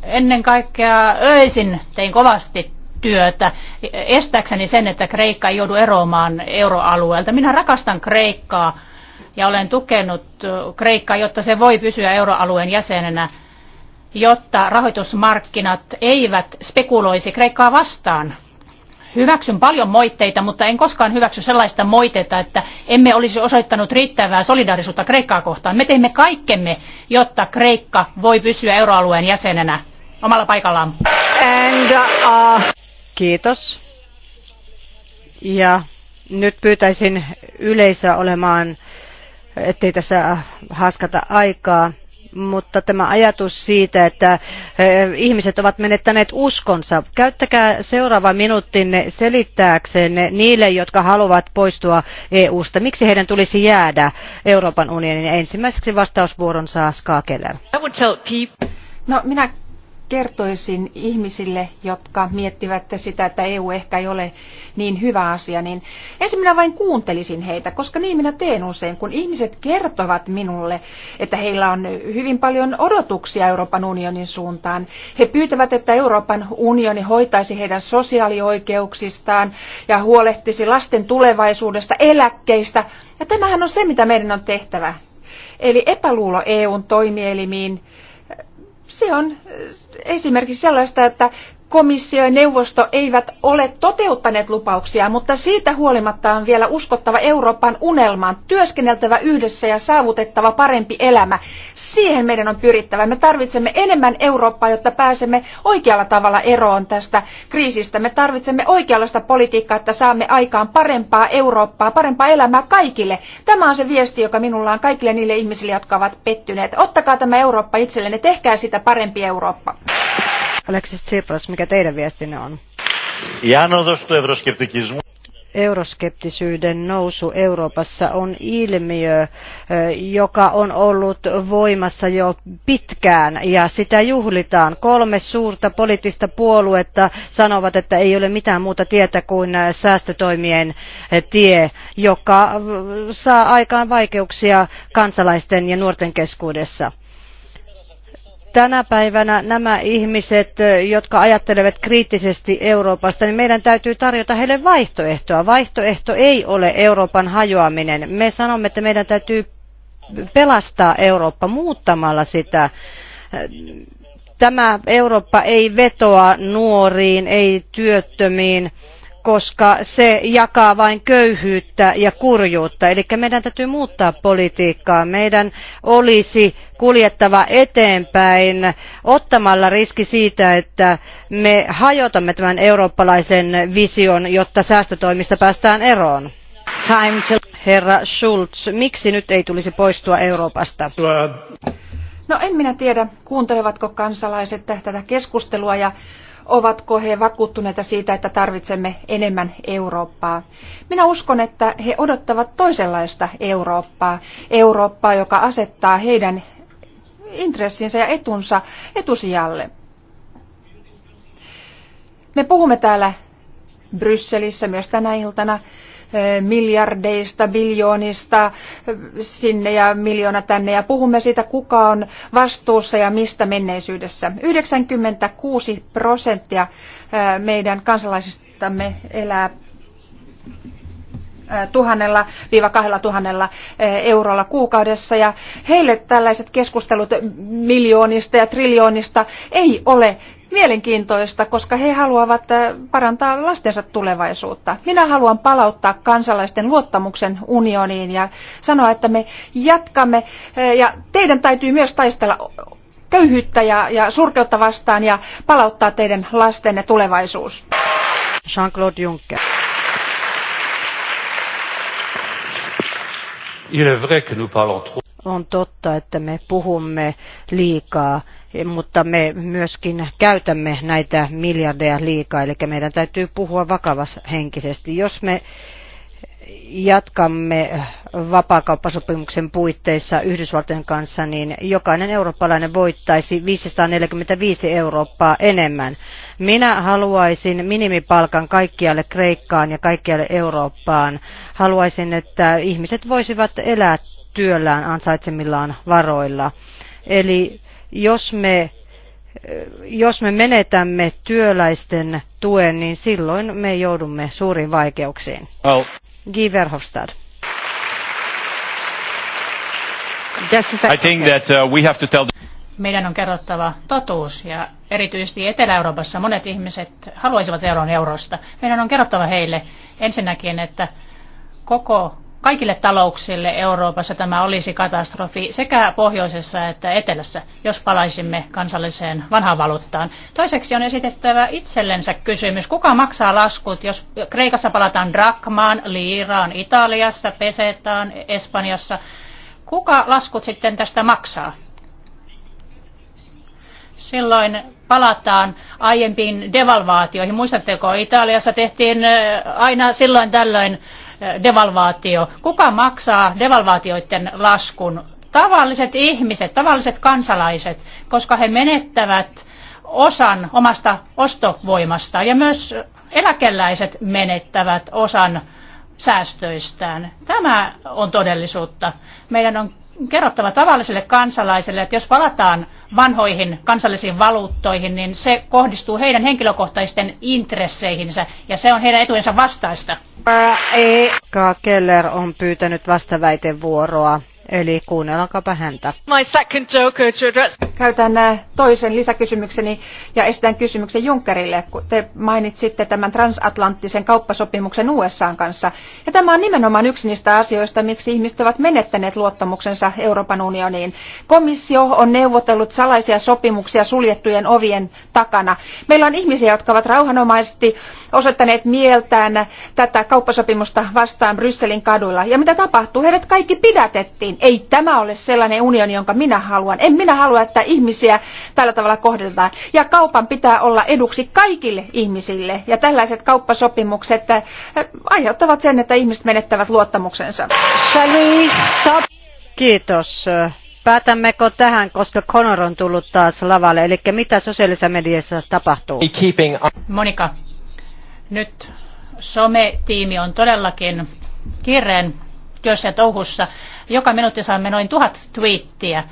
Ennen kaikkea öisin tein kovasti työtä estääkseni sen, että Kreikka ei joudu eroamaan euroalueelta. Minä rakastan Kreikkaa ja olen tukenut Kreikkaa, jotta se voi pysyä euroalueen jäsenenä, jotta rahoitusmarkkinat eivät spekuloisi Kreikkaa vastaan hyväksyn paljon moitteita, mutta en koskaan hyväksy sellaista moitetta, että emme olisi osoittanut riittävää solidaarisuutta Kreikkaa kohtaan. Me teimme kaikkemme, jotta Kreikka voi pysyä euroalueen jäsenenä omalla paikallaan. And, uh... Kiitos. Ja nyt pyytäisin yleisöä olemaan, ettei tässä haskata aikaa mutta tämä ajatus siitä, että eh, ihmiset ovat menettäneet uskonsa. Käyttäkää seuraava minuuttinne selittääksenne niille, jotka haluavat poistua EU-sta. Miksi heidän tulisi jäädä Euroopan unionin? Ensimmäiseksi vastausvuoron saa Skakeler. No, minä kertoisin ihmisille, jotka miettivät sitä, että EU ehkä ei ole niin hyvä asia, niin ensin minä vain kuuntelisin heitä, koska niin minä teen usein, kun ihmiset kertovat minulle, että heillä on hyvin paljon odotuksia Euroopan unionin suuntaan. He pyytävät, että Euroopan unioni hoitaisi heidän sosiaalioikeuksistaan ja huolehtisi lasten tulevaisuudesta, eläkkeistä. Ja tämähän on se, mitä meidän on tehtävä. Eli epäluulo EUn toimielimiin se on esimerkiksi sellaista, että komissio ja neuvosto eivät ole toteuttaneet lupauksia, mutta siitä huolimatta on vielä uskottava Euroopan unelmaan, työskenneltävä yhdessä ja saavutettava parempi elämä. Siihen meidän on pyrittävä. Me tarvitsemme enemmän Eurooppaa, jotta pääsemme oikealla tavalla eroon tästä kriisistä. Me tarvitsemme oikeanlaista politiikkaa, että saamme aikaan parempaa Eurooppaa, parempaa elämää kaikille. Tämä on se viesti, joka minulla on kaikille niille ihmisille, jotka ovat pettyneet. Ottakaa tämä Eurooppa itsellenne, tehkää sitä parempi Eurooppa. Alexis Tsipras, mikä teidän viestinne on? euroskeptisyyden nousu Euroopassa on ilmiö, joka on ollut voimassa jo pitkään ja sitä juhlitaan. Kolme suurta poliittista puoluetta sanovat, että ei ole mitään muuta tietä kuin säästötoimien tie, joka saa aikaan vaikeuksia kansalaisten ja nuorten keskuudessa tänä päivänä nämä ihmiset, jotka ajattelevat kriittisesti Euroopasta, niin meidän täytyy tarjota heille vaihtoehtoa. Vaihtoehto ei ole Euroopan hajoaminen. Me sanomme, että meidän täytyy pelastaa Eurooppa muuttamalla sitä. Tämä Eurooppa ei vetoa nuoriin, ei työttömiin koska se jakaa vain köyhyyttä ja kurjuutta. Eli meidän täytyy muuttaa politiikkaa. Meidän olisi kuljettava eteenpäin ottamalla riski siitä, että me hajotamme tämän eurooppalaisen vision, jotta säästötoimista päästään eroon. Herra Schulz, miksi nyt ei tulisi poistua Euroopasta? No en minä tiedä, kuuntelevatko kansalaiset tätä keskustelua ja ovatko he vakuuttuneita siitä, että tarvitsemme enemmän Eurooppaa. Minä uskon, että he odottavat toisenlaista Eurooppaa. Eurooppaa, joka asettaa heidän intressinsä ja etunsa etusijalle. Me puhumme täällä Brysselissä myös tänä iltana Eh, miljardeista, biljoonista sinne ja miljoona tänne ja puhumme siitä, kuka on vastuussa ja mistä menneisyydessä. 96 prosenttia eh, meidän kansalaisistamme elää eh, tuhannella viiva kahdella tuhannella eurolla kuukaudessa ja heille tällaiset keskustelut miljoonista ja triljoonista ei ole mielenkiintoista, koska he haluavat äh, parantaa lastensa tulevaisuutta. Minä haluan palauttaa kansalaisten luottamuksen unioniin ja sanoa, että me jatkamme äh, ja teidän täytyy myös taistella köyhyyttä ja, ja surkeutta vastaan ja palauttaa teidän lastenne tulevaisuus. Jean-Claude Juncker. Il est vrai que nous parlons trop. On totta, että me puhumme liikaa, mutta me myöskin käytämme näitä miljardeja liikaa, eli meidän täytyy puhua henkisesti, Jos me jatkamme vapaakauppasopimuksen puitteissa Yhdysvaltojen kanssa, niin jokainen eurooppalainen voittaisi 545 Eurooppaa enemmän. Minä haluaisin minimipalkan kaikkialle Kreikkaan ja kaikkialle Eurooppaan. Haluaisin, että ihmiset voisivat elää työllään ansaitsemillaan varoilla. Eli jos me jos me menetämme työläisten tuen, niin silloin me joudumme suuriin vaikeuksiin. Oh. Guy Verhofstadt. I think that uh, we have to tell meidän on kerrottava totuus ja erityisesti Etelä-Euroopassa monet ihmiset haluaisivat eroon eurosta. Meidän on kerrottava heille ensinnäkin, että koko Kaikille talouksille Euroopassa tämä olisi katastrofi sekä pohjoisessa että etelässä, jos palaisimme kansalliseen vanhaan valuuttaan. Toiseksi on esitettävä itsellensä kysymys, kuka maksaa laskut, jos Kreikassa palataan drakmaan, liiraan, Italiassa, pesetaan, Espanjassa. Kuka laskut sitten tästä maksaa? silloin palataan aiempiin devalvaatioihin. Muistatteko, Italiassa tehtiin äh, aina silloin tällöin devalvaatio. Kuka maksaa devalvaatioiden laskun? Tavalliset ihmiset, tavalliset kansalaiset, koska he menettävät osan omasta ostovoimasta ja myös eläkeläiset menettävät osan säästöistään. Tämä on todellisuutta. Meidän on kerrottava tavalliselle kansalaiselle, että jos palataan vanhoihin kansallisiin valuuttoihin, niin se kohdistuu heidän henkilökohtaisten intresseihinsä ja se on heidän etujensa vastaista. Ka Keller on pyytänyt vastaväitevuoroa. Eli kuunnelkaapa häntä. My second joker to address. Käytän äh, toisen lisäkysymykseni ja esitän kysymyksen Junckerille, kun te mainitsitte tämän transatlanttisen kauppasopimuksen USAn kanssa. Ja tämä on nimenomaan yksi niistä asioista, miksi ihmiset ovat menettäneet luottamuksensa Euroopan unioniin. Komissio on neuvotellut salaisia sopimuksia suljettujen ovien takana. Meillä on ihmisiä, jotka ovat rauhanomaisesti osoittaneet mieltään tätä kauppasopimusta vastaan Brysselin kaduilla. Ja mitä tapahtuu? Heidät kaikki pidätettiin näin. Ei tämä ole sellainen unioni, jonka minä haluan. En minä halua, että ihmisiä tällä tavalla kohdeltaan. Ja kaupan pitää olla eduksi kaikille ihmisille. Ja tällaiset kauppasopimukset äh, aiheuttavat sen, että ihmiset menettävät luottamuksensa. Kiitos. Päätämmekö tähän, koska Conor on tullut taas lavalle, eli mitä sosiaalisessa mediassa tapahtuu? Monika, nyt sometiimi on todellakin kiireen työssä ja touhussa. Joka minuutti saamme noin tuhat twiittiä.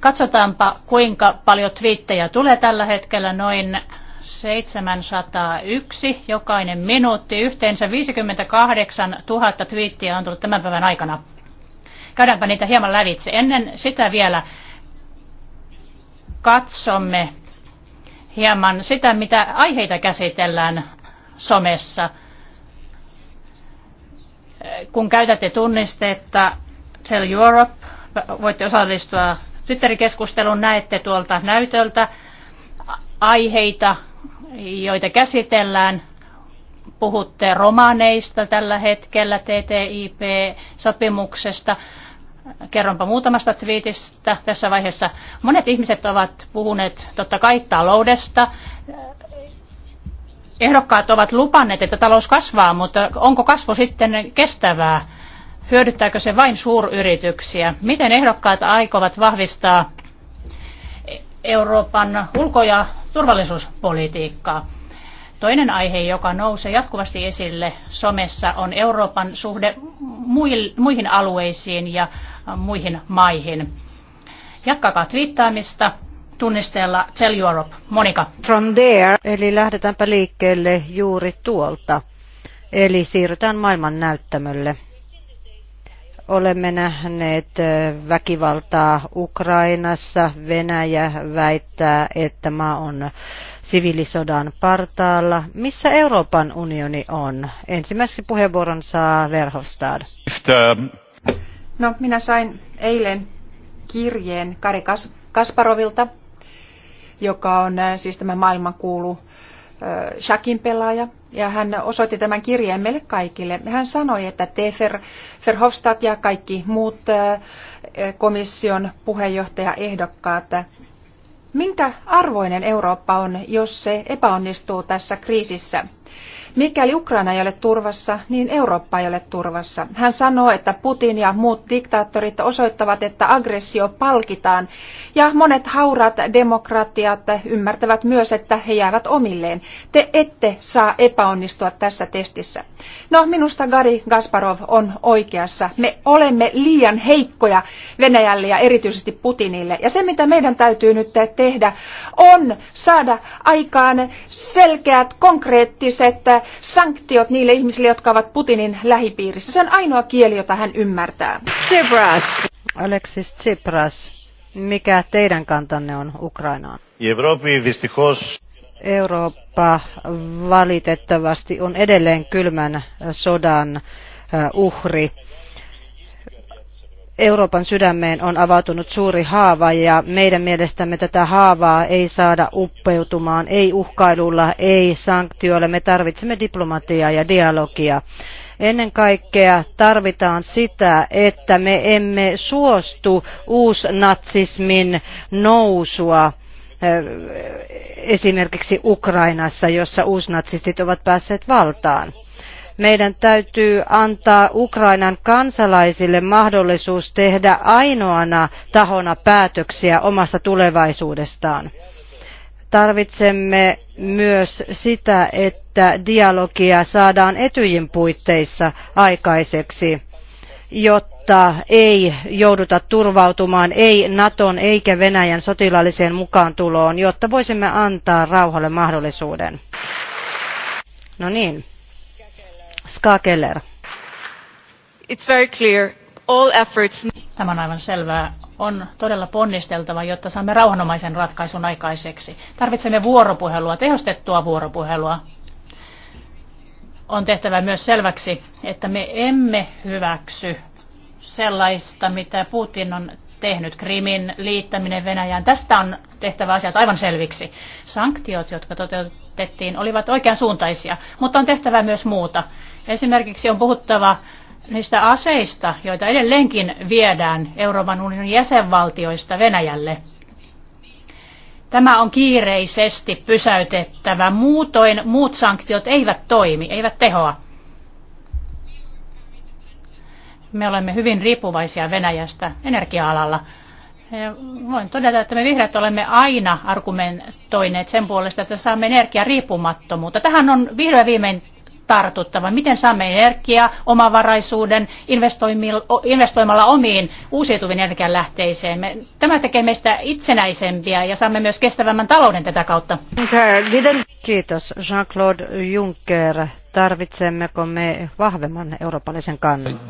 Katsotaanpa, kuinka paljon twiittejä tulee tällä hetkellä. Noin 701 jokainen minuutti. Yhteensä 58 000 twiittiä on tullut tämän päivän aikana. Käydäänpä niitä hieman lävitse. Ennen sitä vielä katsomme hieman sitä, mitä aiheita käsitellään somessa – kun käytätte tunnistetta Tell Europe, voitte osallistua Twitter-keskusteluun, näette tuolta näytöltä aiheita, joita käsitellään. Puhutte romaaneista tällä hetkellä, TTIP-sopimuksesta. Kerronpa muutamasta twiitistä tässä vaiheessa. Monet ihmiset ovat puhuneet totta kai taloudesta, ehdokkaat ovat lupanneet, että talous kasvaa, mutta onko kasvu sitten kestävää? Hyödyttääkö se vain suuryrityksiä? Miten ehdokkaat aikovat vahvistaa Euroopan ulko- ja turvallisuuspolitiikkaa? Toinen aihe, joka nousee jatkuvasti esille somessa, on Euroopan suhde muihin alueisiin ja muihin maihin. Jatkakaa twiittaamista tunnisteella Tell Europe. Monika. From there, eli lähdetäänpä liikkeelle juuri tuolta. Eli siirrytään maailman näyttämölle. Olemme nähneet väkivaltaa Ukrainassa. Venäjä väittää, että maa on sivilisodan partaalla. Missä Euroopan unioni on? Ensimmäiseksi puheenvuoron saa Verhofstad. No, minä sain eilen kirjeen Kari Kasparovilta, joka on äh, siis tämä maailmankuulu äh, Shakin pelaaja, ja hän osoitti tämän kirjeen meille kaikille. Hän sanoi, että Fer, Verhofstadt ja kaikki muut äh, komission puheenjohtajaehdokkaat, minkä arvoinen Eurooppa on, jos se epäonnistuu tässä kriisissä? Mikäli Ukraina ei ole turvassa, niin Eurooppa ei ole turvassa. Hän sanoo, että Putin ja muut diktaattorit osoittavat, että aggressio palkitaan. Ja monet haurat demokratiat ymmärtävät myös, että he jäävät omilleen. Te ette saa epäonnistua tässä testissä. No minusta Gari Gasparov on oikeassa. Me olemme liian heikkoja Venäjälle ja erityisesti Putinille. Ja se mitä meidän täytyy nyt tehdä on saada aikaan selkeät konkreettiset sanktiot niille ihmisille, jotka ovat Putinin lähipiirissä. Se on ainoa kieli, jota hän ymmärtää. Tsipras. Alexis Tsipras, mikä teidän kantanne on Ukrainaan? Ευρώπη δυστυχώς Eurooppa valitettavasti on edelleen kylmän sodan uhri. Euroopan sydämeen on avautunut suuri haava ja meidän mielestämme tätä haavaa ei saada uppeutumaan, ei uhkailulla, ei sanktioilla. Me tarvitsemme diplomatiaa ja dialogia. Ennen kaikkea tarvitaan sitä, että me emme suostu uusnatsismin nousua esimerkiksi Ukrainassa, jossa uusnatsistit ovat päässeet valtaan. Meidän täytyy antaa Ukrainan kansalaisille mahdollisuus tehdä ainoana tahona päätöksiä omasta tulevaisuudestaan. Tarvitsemme myös sitä, että dialogia saadaan etyjin puitteissa aikaiseksi, jotta jotta ei jouduta turvautumaan ei Naton eikä Venäjän sotilaalliseen mukaantuloon, jotta voisimme antaa rauhalle mahdollisuuden. No niin. Ska Keller. It's very clear. All efforts... Tämä on aivan selvää. On todella ponnisteltava, jotta saamme rauhanomaisen ratkaisun aikaiseksi. Tarvitsemme vuoropuhelua, tehostettua vuoropuhelua. On tehtävä myös selväksi, että me emme hyväksy sellaista, mitä Putin on tehnyt, Krimin liittäminen Venäjään. Tästä on tehtävä asiat aivan selviksi. Sanktiot, jotka toteutettiin, olivat oikean suuntaisia, mutta on tehtävä myös muuta. Esimerkiksi on puhuttava niistä aseista, joita edelleenkin viedään Euroopan unionin jäsenvaltioista Venäjälle. Tämä on kiireisesti pysäytettävä, muutoin muut sanktiot eivät toimi, eivät tehoa. Me olemme hyvin riippuvaisia Venäjästä energia-alalla. Voin todeta, että me vihreät olemme aina argumentoineet sen puolesta, että saamme riippumattomuutta. Tähän on vihdoin viimein tartuttava. Miten saamme energiaa, omavaraisuuden investoimalla omiin uusiutuviin energianlähteisiin? Tämä tekee meistä itsenäisempiä ja saamme myös kestävämmän talouden tätä kautta. Kiitos Jean-Claude Juncker Tarvitsemmeko me vahvemman eurooppalaisen kannan?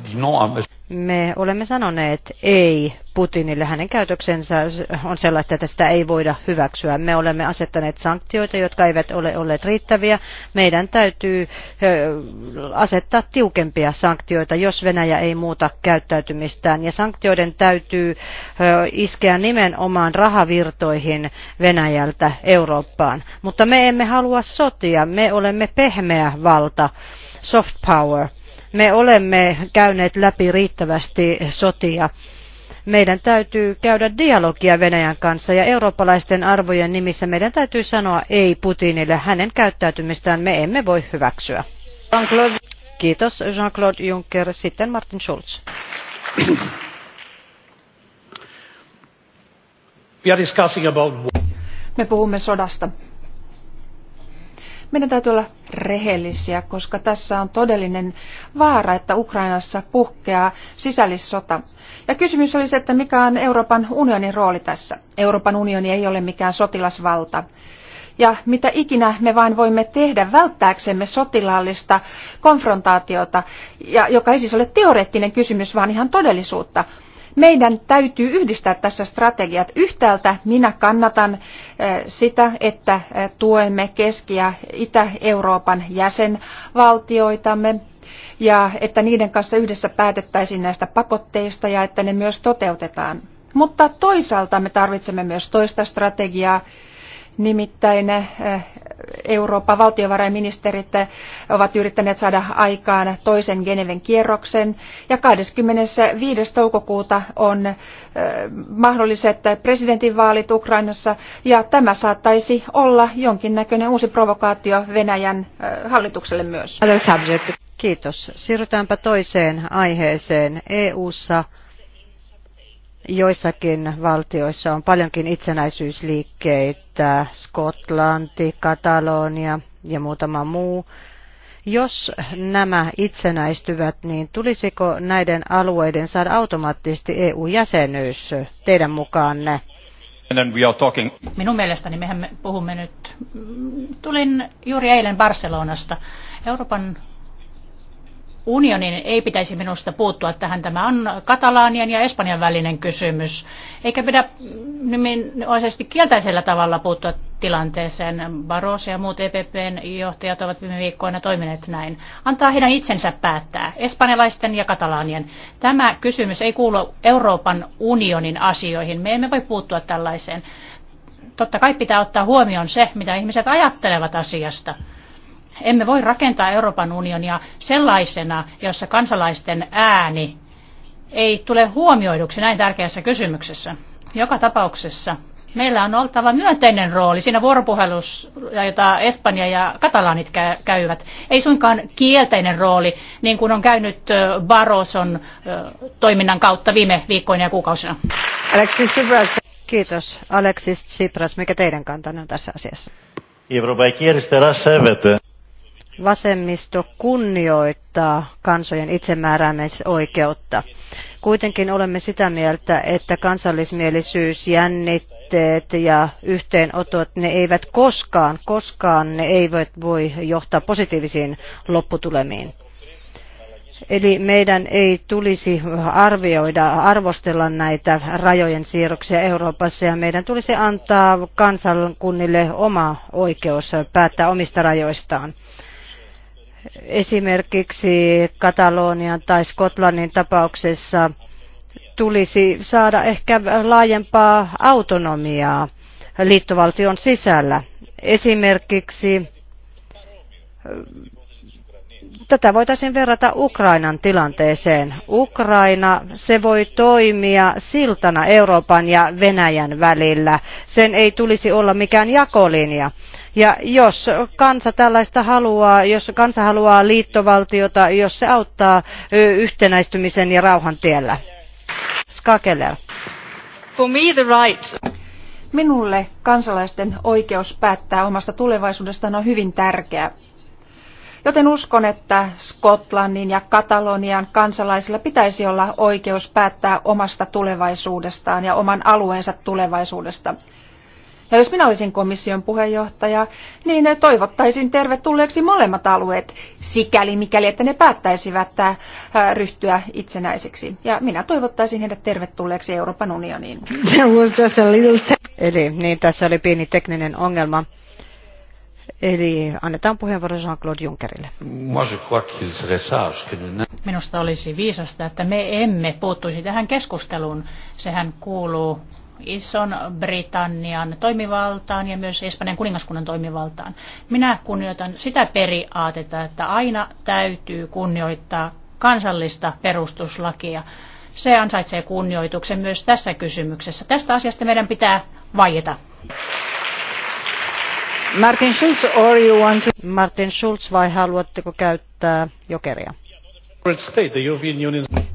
Me olemme sanoneet ei Putinille. Hänen käytöksensä on sellaista, että sitä ei voida hyväksyä. Me olemme asettaneet sanktioita, jotka eivät ole olleet riittäviä. Meidän täytyy asettaa tiukempia sanktioita, jos Venäjä ei muuta käyttäytymistään. Ja sanktioiden täytyy iskeä nimenomaan rahavirtoihin Venäjältä Eurooppaan. Mutta me emme halua sotia. Me olemme pehmeä valta tuota soft power. Me olemme käyneet läpi riittävästi sotia. Meidän täytyy käydä dialogia Venäjän kanssa ja eurooppalaisten arvojen nimissä meidän täytyy sanoa ei Putinille. Hänen käyttäytymistään me emme voi hyväksyä. Jean Kiitos Jean-Claude Juncker. Sitten Martin Schulz. Me puhumme sodasta. Meidän täytyy olla rehellisiä, koska tässä on todellinen vaara, että Ukrainassa puhkeaa sisällissota. Ja kysymys oli se, että mikä on Euroopan unionin rooli tässä. Euroopan unioni ei ole mikään sotilasvalta. Ja mitä ikinä me vain voimme tehdä välttääksemme sotilaallista konfrontaatiota, ja joka ei siis ole teoreettinen kysymys, vaan ihan todellisuutta – meidän täytyy yhdistää tässä strategiat. Yhtäältä minä kannatan eh, sitä, että eh, tuemme Keski- ja Itä-Euroopan jäsenvaltioitamme ja että niiden kanssa yhdessä päätettäisiin näistä pakotteista ja että ne myös toteutetaan. Mutta toisaalta me tarvitsemme myös toista strategiaa, Nimittäin eh, Euroopan valtiovarainministerit eh, ovat yrittäneet saada aikaan toisen Geneven kierroksen. Ja 25. toukokuuta on eh, mahdolliset presidentinvaalit Ukrainassa. Ja tämä saattaisi olla jonkinnäköinen uusi provokaatio Venäjän hallitukselle myös. Kiitos. Siirrytäänpä toiseen aiheeseen. EU:ssa Joissakin valtioissa on paljonkin itsenäisyysliikkeitä, Skotlanti, Katalonia ja muutama muu. Jos nämä itsenäistyvät, niin tulisiko näiden alueiden saada automaattisesti EU-jäsenyys teidän mukaanne? Minun mielestäni mehän me puhumme nyt. Tulin juuri eilen Barcelonasta. Euroopan unionin ei pitäisi minusta puuttua tähän. Tämä on Katalaanien ja Espanjan välinen kysymys. Eikä pidä nimenomaisesti kieltäisellä tavalla puuttua tilanteeseen. Baros ja muut EPPn johtajat ovat viime viikkoina toimineet näin. Antaa heidän itsensä päättää, espanjalaisten ja katalaanien. Tämä kysymys ei kuulu Euroopan unionin asioihin. Me emme voi puuttua tällaiseen. Totta kai pitää ottaa huomioon se, mitä ihmiset ajattelevat asiasta. Emme voi rakentaa Euroopan unionia sellaisena, jossa kansalaisten ääni ei tule huomioiduksi näin tärkeässä kysymyksessä. Joka tapauksessa meillä on oltava myönteinen rooli siinä vuoropuhelussa, jota Espanja ja katalaanit käyvät. Ei suinkaan kielteinen rooli, niin kuin on käynyt Baroson toiminnan kautta viime viikkoina ja kuukausina. Alexis Tsipras. Kiitos. Alexis Tsipras, mikä teidän kantanne on tässä asiassa? Euroopan kielestä rassa vasemmisto kunnioittaa kansojen itsemääräämisoikeutta. Kuitenkin olemme sitä mieltä, että kansallismielisyys, jännitteet ja yhteenotot, ne eivät koskaan, koskaan ne eivät voi johtaa positiivisiin lopputulemiin. Eli meidän ei tulisi arvioida, arvostella näitä rajojen siirroksia Euroopassa ja meidän tulisi antaa kansankunnille oma oikeus päättää omista rajoistaan esimerkiksi Katalonian tai Skotlannin tapauksessa tulisi saada ehkä laajempaa autonomiaa liittovaltion sisällä. Esimerkiksi äh, tätä voitaisiin verrata Ukrainan tilanteeseen. Ukraina, se voi toimia siltana Euroopan ja Venäjän välillä. Sen ei tulisi olla mikään jakolinja. Ja jos kansa tällaista haluaa, jos kansa haluaa liittovaltiota, jos se auttaa yhtenäistymisen ja rauhan tiellä. Skakeler. For me the right. Minulle kansalaisten oikeus päättää omasta tulevaisuudestaan on hyvin tärkeä. Joten uskon, että Skotlannin ja Katalonian kansalaisilla pitäisi olla oikeus päättää omasta tulevaisuudestaan ja oman alueensa tulevaisuudesta. Ja no, jos minä olisin komission puheenjohtaja, niin toivottaisin tervetulleeksi molemmat alueet, sikäli mikäli, että ne päättäisivät äh, ryhtyä itsenäiseksi. Ja minä toivottaisin heidät tervetulleeksi Euroopan unioniin. Eli niin, tässä oli pieni tekninen ongelma. Eli annetaan puheenvuoro Jean-Claude Junckerille. Minusta olisi viisasta, että me emme puuttuisi tähän keskusteluun. Sehän kuuluu Ison Britannian toimivaltaan ja myös Espanjan kuningaskunnan toimivaltaan. Minä kunnioitan sitä periaatetta, että aina täytyy kunnioittaa kansallista perustuslakia. Se ansaitsee kunnioituksen myös tässä kysymyksessä. Tästä asiasta meidän pitää vaieta. Martin Schulz, or you want to... Martin Schulz vai haluatteko käyttää jokeria?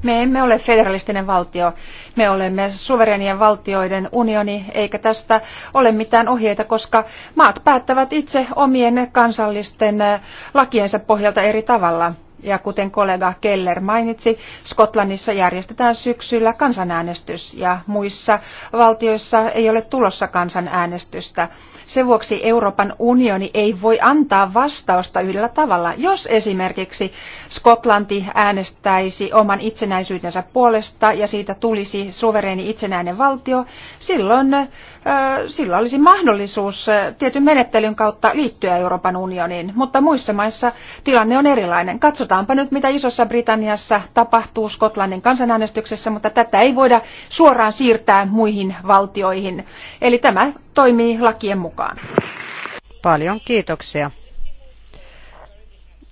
Me emme ole federalistinen valtio. Me olemme suverenien valtioiden unioni, eikä tästä ole mitään ohjeita, koska maat päättävät itse omien kansallisten äh, lakiensa pohjalta eri tavalla. Ja kuten kollega Keller mainitsi, Skotlannissa järjestetään syksyllä kansanäänestys ja muissa valtioissa ei ole tulossa kansanäänestystä sen vuoksi Euroopan unioni ei voi antaa vastausta yhdellä tavalla. Jos esimerkiksi Skotlanti äänestäisi oman itsenäisyytensä puolesta ja siitä tulisi suvereeni itsenäinen valtio, silloin sillä olisi mahdollisuus tietyn menettelyn kautta liittyä Euroopan unioniin, mutta muissa maissa tilanne on erilainen. Katsotaanpa nyt, mitä Isossa Britanniassa tapahtuu Skotlannin kansanäänestyksessä, mutta tätä ei voida suoraan siirtää muihin valtioihin. Eli tämä toimii lakien mukaan. Paljon kiitoksia.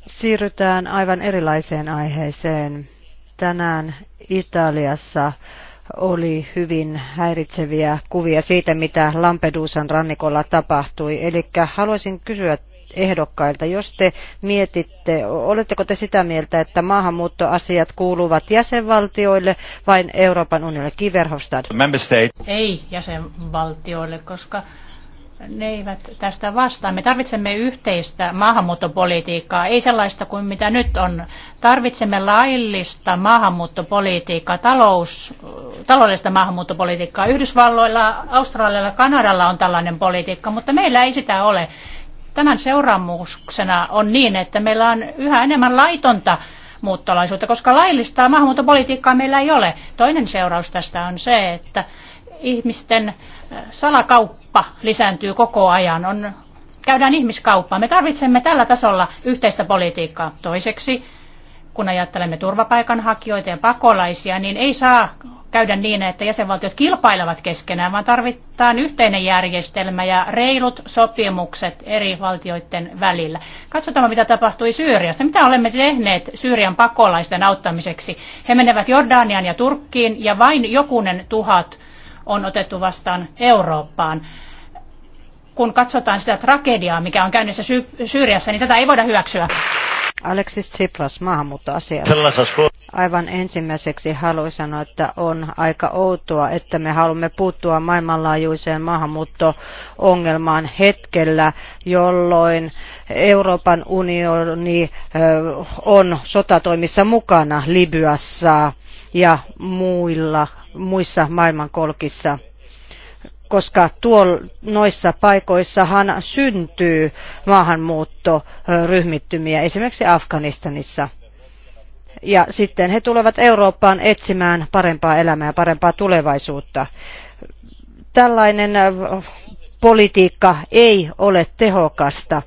Siirrytään aivan erilaiseen aiheeseen. Tänään Italiassa oli hyvin häiritseviä kuvia siitä, mitä Lampedusan rannikolla tapahtui. Eli haluaisin kysyä ehdokkailta, jos te mietitte, oletteko te sitä mieltä, että maahanmuuttoasiat kuuluvat jäsenvaltioille vai Euroopan unionille? Kiverhofstad. Ei jäsenvaltioille, koska ne eivät tästä vastaa. Me tarvitsemme yhteistä maahanmuuttopolitiikkaa, ei sellaista kuin mitä nyt on. Tarvitsemme laillista maahanmuuttopolitiikkaa, talous, taloudellista maahanmuuttopolitiikkaa. Yhdysvalloilla, Australialla, Kanadalla on tällainen politiikka, mutta meillä ei sitä ole. Tämän seuraamuksena on niin, että meillä on yhä enemmän laitonta muuttolaisuutta, koska laillista maahanmuuttopolitiikkaa meillä ei ole. Toinen seuraus tästä on se, että ihmisten salakauppa lisääntyy koko ajan. On, käydään ihmiskauppaa. Me tarvitsemme tällä tasolla yhteistä politiikkaa. Toiseksi, kun ajattelemme turvapaikanhakijoita ja pakolaisia, niin ei saa käydä niin, että jäsenvaltiot kilpailevat keskenään, vaan tarvitaan yhteinen järjestelmä ja reilut sopimukset eri valtioiden välillä. Katsotaan, mitä tapahtui Syyriassa. Mitä olemme tehneet Syyrian pakolaisten auttamiseksi? He menevät Jordanian ja Turkkiin ja vain jokunen tuhat on otettu vastaan Eurooppaan. Kun katsotaan sitä tragediaa, mikä on käynnissä Sy- Syyriassa, niin tätä ei voida hyväksyä. Alexis Tsipras, maahanmuuttoasia. Aivan ensimmäiseksi haluan sanoa, että on aika outoa, että me haluamme puuttua maailmanlaajuiseen maahanmuutto-ongelmaan hetkellä, jolloin Euroopan unioni on sotatoimissa mukana Libyassa ja muilla muissa maailmankolkissa koska tuol, noissa paikoissahan syntyy maahanmuuttoryhmittymiä, esimerkiksi Afganistanissa. Ja sitten he tulevat Eurooppaan etsimään parempaa elämää, parempaa tulevaisuutta. Tällainen äh, politiikka ei ole tehokasta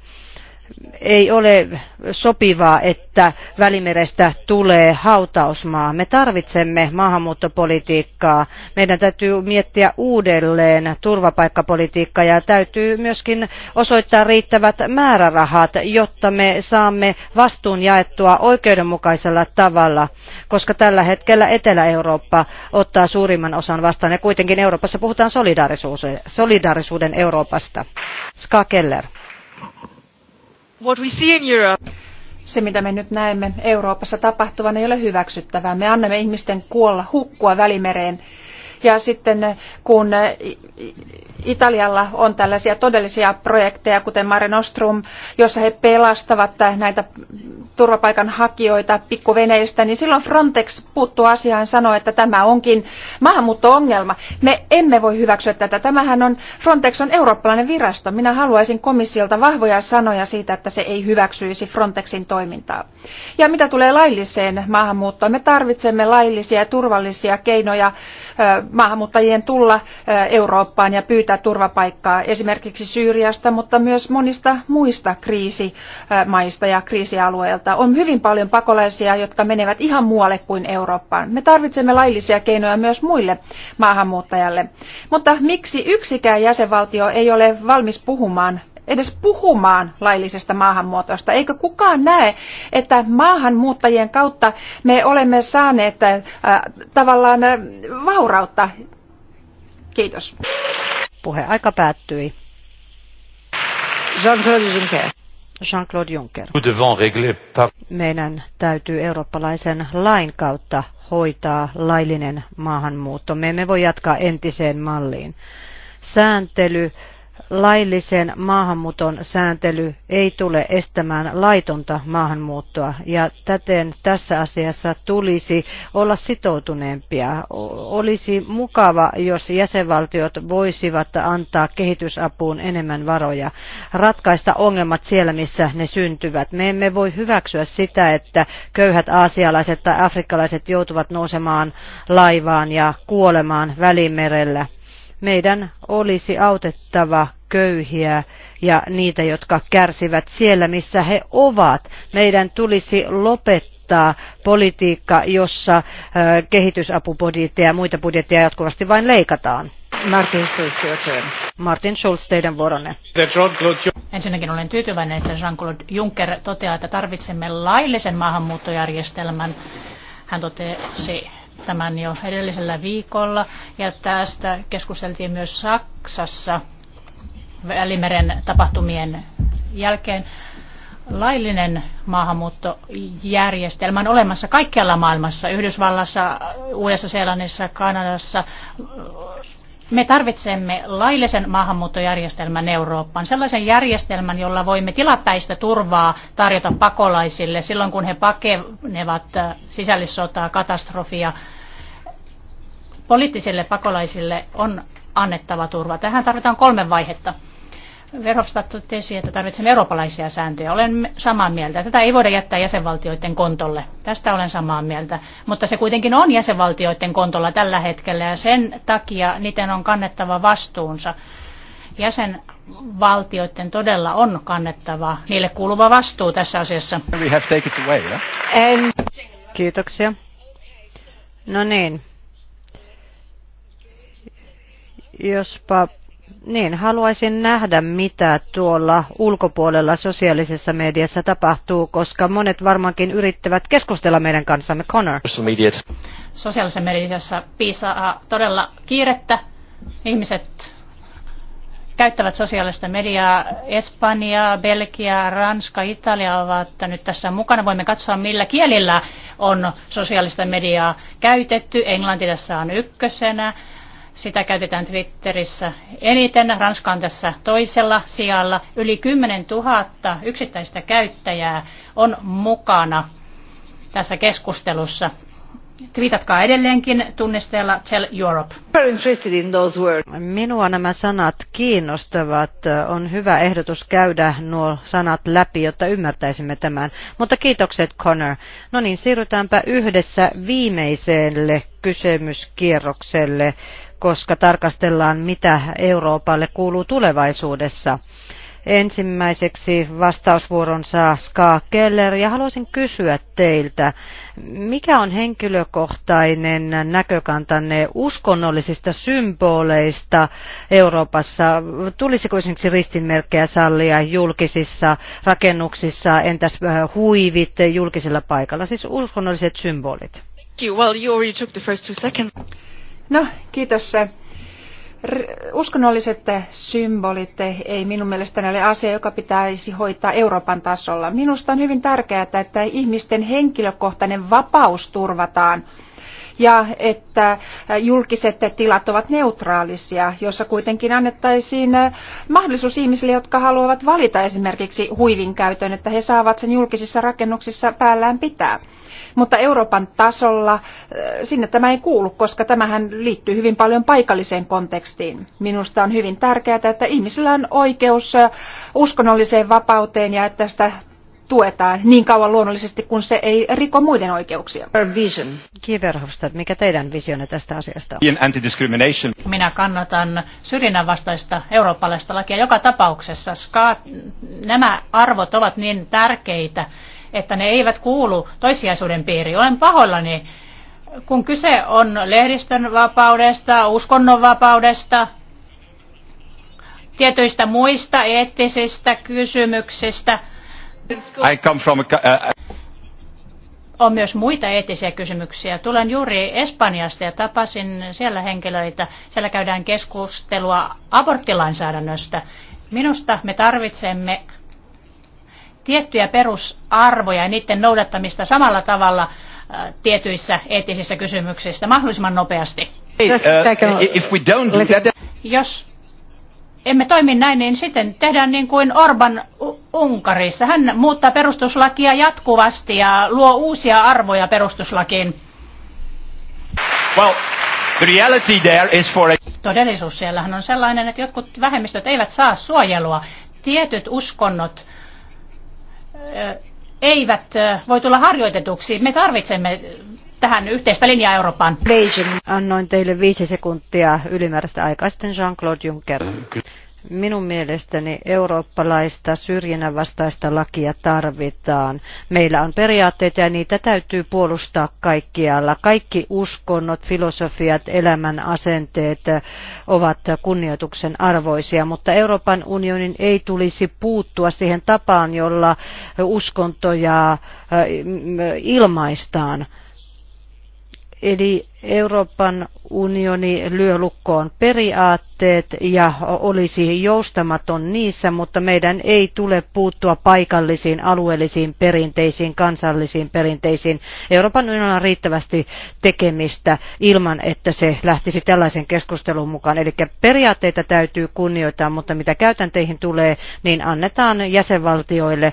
ei ole sopivaa, että Välimerestä tulee hautausmaa. Me tarvitsemme maahanmuuttopolitiikkaa. Meidän täytyy miettiä uudelleen turvapaikkapolitiikkaa ja täytyy myöskin osoittaa riittävät määrärahat, jotta me saamme vastuun jaettua oikeudenmukaisella tavalla, koska tällä hetkellä Etelä-Eurooppa ottaa suurimman osan vastaan ja kuitenkin Euroopassa puhutaan solidaarisuuden Euroopasta. Ska Keller what we see in Europe. Se, mitä me nyt näemme Euroopassa tapahtuvan, ei ole hyväksyttävää. Me annamme ihmisten kuolla, hukkua välimereen ja sitten kun Italialla on tällaisia todellisia projekteja, kuten Mare Nostrum, jossa he pelastavat näitä turvapaikanhakijoita pikkuveneistä, niin silloin Frontex puuttuu asiaan ja sanoo, että tämä onkin maahanmuutto-ongelma. Me emme voi hyväksyä tätä. Tämähän on, Frontex on eurooppalainen virasto. Minä haluaisin komissiolta vahvoja sanoja siitä, että se ei hyväksyisi Frontexin toimintaa. Ja mitä tulee lailliseen maahanmuuttoon, me tarvitsemme laillisia ja turvallisia keinoja maahanmuuttajien tulla Eurooppaan ja pyytää turvapaikkaa esimerkiksi Syyriasta, mutta myös monista muista kriisimaista ja kriisialueilta. On hyvin paljon pakolaisia, jotka menevät ihan muualle kuin Eurooppaan. Me tarvitsemme laillisia keinoja myös muille maahanmuuttajalle. Mutta miksi yksikään jäsenvaltio ei ole valmis puhumaan edes puhumaan laillisesta maahanmuutosta. Eikö kukaan näe, että maahanmuuttajien kautta me olemme saaneet äh, tavallaan äh, vaurautta? Kiitos. Puhe aika päättyi. Jean-Claude Juncker. Jean-Claude Juncker. Meidän täytyy eurooppalaisen lain kautta hoitaa laillinen maahanmuutto. Me emme voi jatkaa entiseen malliin. Sääntely laillisen maahanmuuton sääntely ei tule estämään laitonta maahanmuuttoa ja täten tässä asiassa tulisi olla sitoutuneempia. Olisi mukava, jos jäsenvaltiot voisivat antaa kehitysapuun enemmän varoja, ratkaista ongelmat siellä, missä ne syntyvät. Me emme voi hyväksyä sitä, että köyhät aasialaiset tai afrikkalaiset joutuvat nousemaan laivaan ja kuolemaan välimerellä meidän olisi autettava köyhiä ja niitä, jotka kärsivät siellä, missä he ovat. Meidän tulisi lopettaa politiikka, jossa kehitysapubudjetteja ja muita budjetteja jatkuvasti vain leikataan. Martin Schulz, Martin Schulz, teidän vuoronne. Ensinnäkin olen tyytyväinen, että Jean-Claude Juncker toteaa, että tarvitsemme laillisen maahanmuuttojärjestelmän. Hän totesi tämän jo edellisellä viikolla ja tästä keskusteltiin myös Saksassa Välimeren tapahtumien jälkeen. Laillinen maahanmuuttojärjestelmä on olemassa kaikkialla maailmassa, Yhdysvallassa, Uudessa-Seelannissa, Kanadassa. Me tarvitsemme laillisen maahanmuuttojärjestelmän Eurooppaan, sellaisen järjestelmän, jolla voimme tilapäistä turvaa tarjota pakolaisille silloin, kun he pakenevat sisällissotaa, katastrofia. Poliittisille pakolaisille on annettava turva. Tähän tarvitaan kolme vaihetta. Verhofstadt totesi, että tarvitsemme eurooppalaisia sääntöjä. Olen samaa mieltä. Tätä ei voida jättää jäsenvaltioiden kontolle. Tästä olen samaa mieltä. Mutta se kuitenkin on jäsenvaltioiden kontolla tällä hetkellä ja sen takia niiden on kannettava vastuunsa. Jäsenvaltioiden todella on kannettava niille kuuluva vastuu tässä asiassa. Away, yeah? And... Kiitoksia. No niin. Jospa niin, haluaisin nähdä, mitä tuolla ulkopuolella sosiaalisessa mediassa tapahtuu, koska monet varmaankin yrittävät keskustella meidän kanssamme. Connor. Sosiaalisessa mediassa piisaa todella kiirettä. Ihmiset käyttävät sosiaalista mediaa. Espanja, Belgia, Ranska, Italia ovat nyt tässä mukana. Voimme katsoa, millä kielillä on sosiaalista mediaa käytetty. Englanti tässä on ykkösenä. Sitä käytetään Twitterissä eniten. Ranska on tässä toisella sijalla. Yli 10 000 yksittäistä käyttäjää on mukana tässä keskustelussa. Twiitatkaa edelleenkin tunnisteella Tell Europe. Minua nämä sanat kiinnostavat. On hyvä ehdotus käydä nuo sanat läpi, jotta ymmärtäisimme tämän. Mutta kiitokset Connor. No niin, siirrytäänpä yhdessä viimeiselle kysymyskierrokselle koska tarkastellaan, mitä Euroopalle kuuluu tulevaisuudessa. Ensimmäiseksi vastausvuoron saa Ska Keller ja haluaisin kysyä teiltä, mikä on henkilökohtainen näkökantanne uskonnollisista symboleista Euroopassa? Tulisiko esimerkiksi ristinmerkkejä sallia julkisissa rakennuksissa, entäs äh, huivit julkisella paikalla, siis uskonnolliset symbolit? Well, you already took the first two seconds. No, kiitos. Uskonnolliset symbolit ei minun mielestäni ole asia, joka pitäisi hoitaa Euroopan tasolla. Minusta on hyvin tärkeää, että ihmisten henkilökohtainen vapaus turvataan ja että julkiset tilat ovat neutraalisia, jossa kuitenkin annettaisiin mahdollisuus ihmisille, jotka haluavat valita esimerkiksi huivin käytön, että he saavat sen julkisissa rakennuksissa päällään pitää. Mutta Euroopan tasolla äh, sinne tämä ei kuulu, koska tämähän liittyy hyvin paljon paikalliseen kontekstiin. Minusta on hyvin tärkeää, että ihmisillä on oikeus äh, uskonnolliseen vapauteen ja että sitä tuetaan niin kauan luonnollisesti, kun se ei riko muiden oikeuksia. Kiverhofstad, mikä teidän visionne tästä asiasta on? Minä kannatan syrjinnän vastaista eurooppalaista lakia joka tapauksessa. Ska, nämä arvot ovat niin tärkeitä, että ne eivät kuulu toissijaisuuden piiriin. Olen pahoillani, kun kyse on lehdistön vapaudesta, uskonnonvapaudesta, tietyistä muista eettisistä kysymyksistä. I come from a, uh, uh, on myös muita eettisiä kysymyksiä. Tulen juuri Espanjasta ja tapasin siellä henkilöitä. Siellä käydään keskustelua aborttilainsäädännöstä. Minusta me tarvitsemme tiettyjä perusarvoja ja niiden noudattamista samalla tavalla äh, tietyissä eettisissä kysymyksissä mahdollisimman nopeasti. Uh, Jos emme toimi näin, niin sitten tehdään niin kuin Orban Unkarissa. Hän muuttaa perustuslakia jatkuvasti ja luo uusia arvoja perustuslakiin. Well, the reality there is for a... Todellisuus siellähän on sellainen, että jotkut vähemmistöt eivät saa suojelua. Tietyt uskonnot eivät voi tulla harjoitetuksi. Me tarvitsemme tähän yhteistä linjaa Euroopan. Annoin teille viisi sekuntia ylimääräistä aikaa sitten Jean-Claude Juncker. Minun mielestäni eurooppalaista syrjinnän vastaista lakia tarvitaan. Meillä on periaatteita ja niitä täytyy puolustaa kaikkialla. Kaikki uskonnot, filosofiat, elämän asenteet ovat kunnioituksen arvoisia, mutta Euroopan unionin ei tulisi puuttua siihen tapaan, jolla uskontoja ilmaistaan Eli Euroopan unioni lyö lukkoon periaatteet ja olisi joustamaton niissä, mutta meidän ei tule puuttua paikallisiin alueellisiin perinteisiin, kansallisiin perinteisiin. Euroopan unionilla on riittävästi tekemistä ilman, että se lähtisi tällaisen keskustelun mukaan. Eli periaatteita täytyy kunnioittaa, mutta mitä käytänteihin tulee, niin annetaan jäsenvaltioille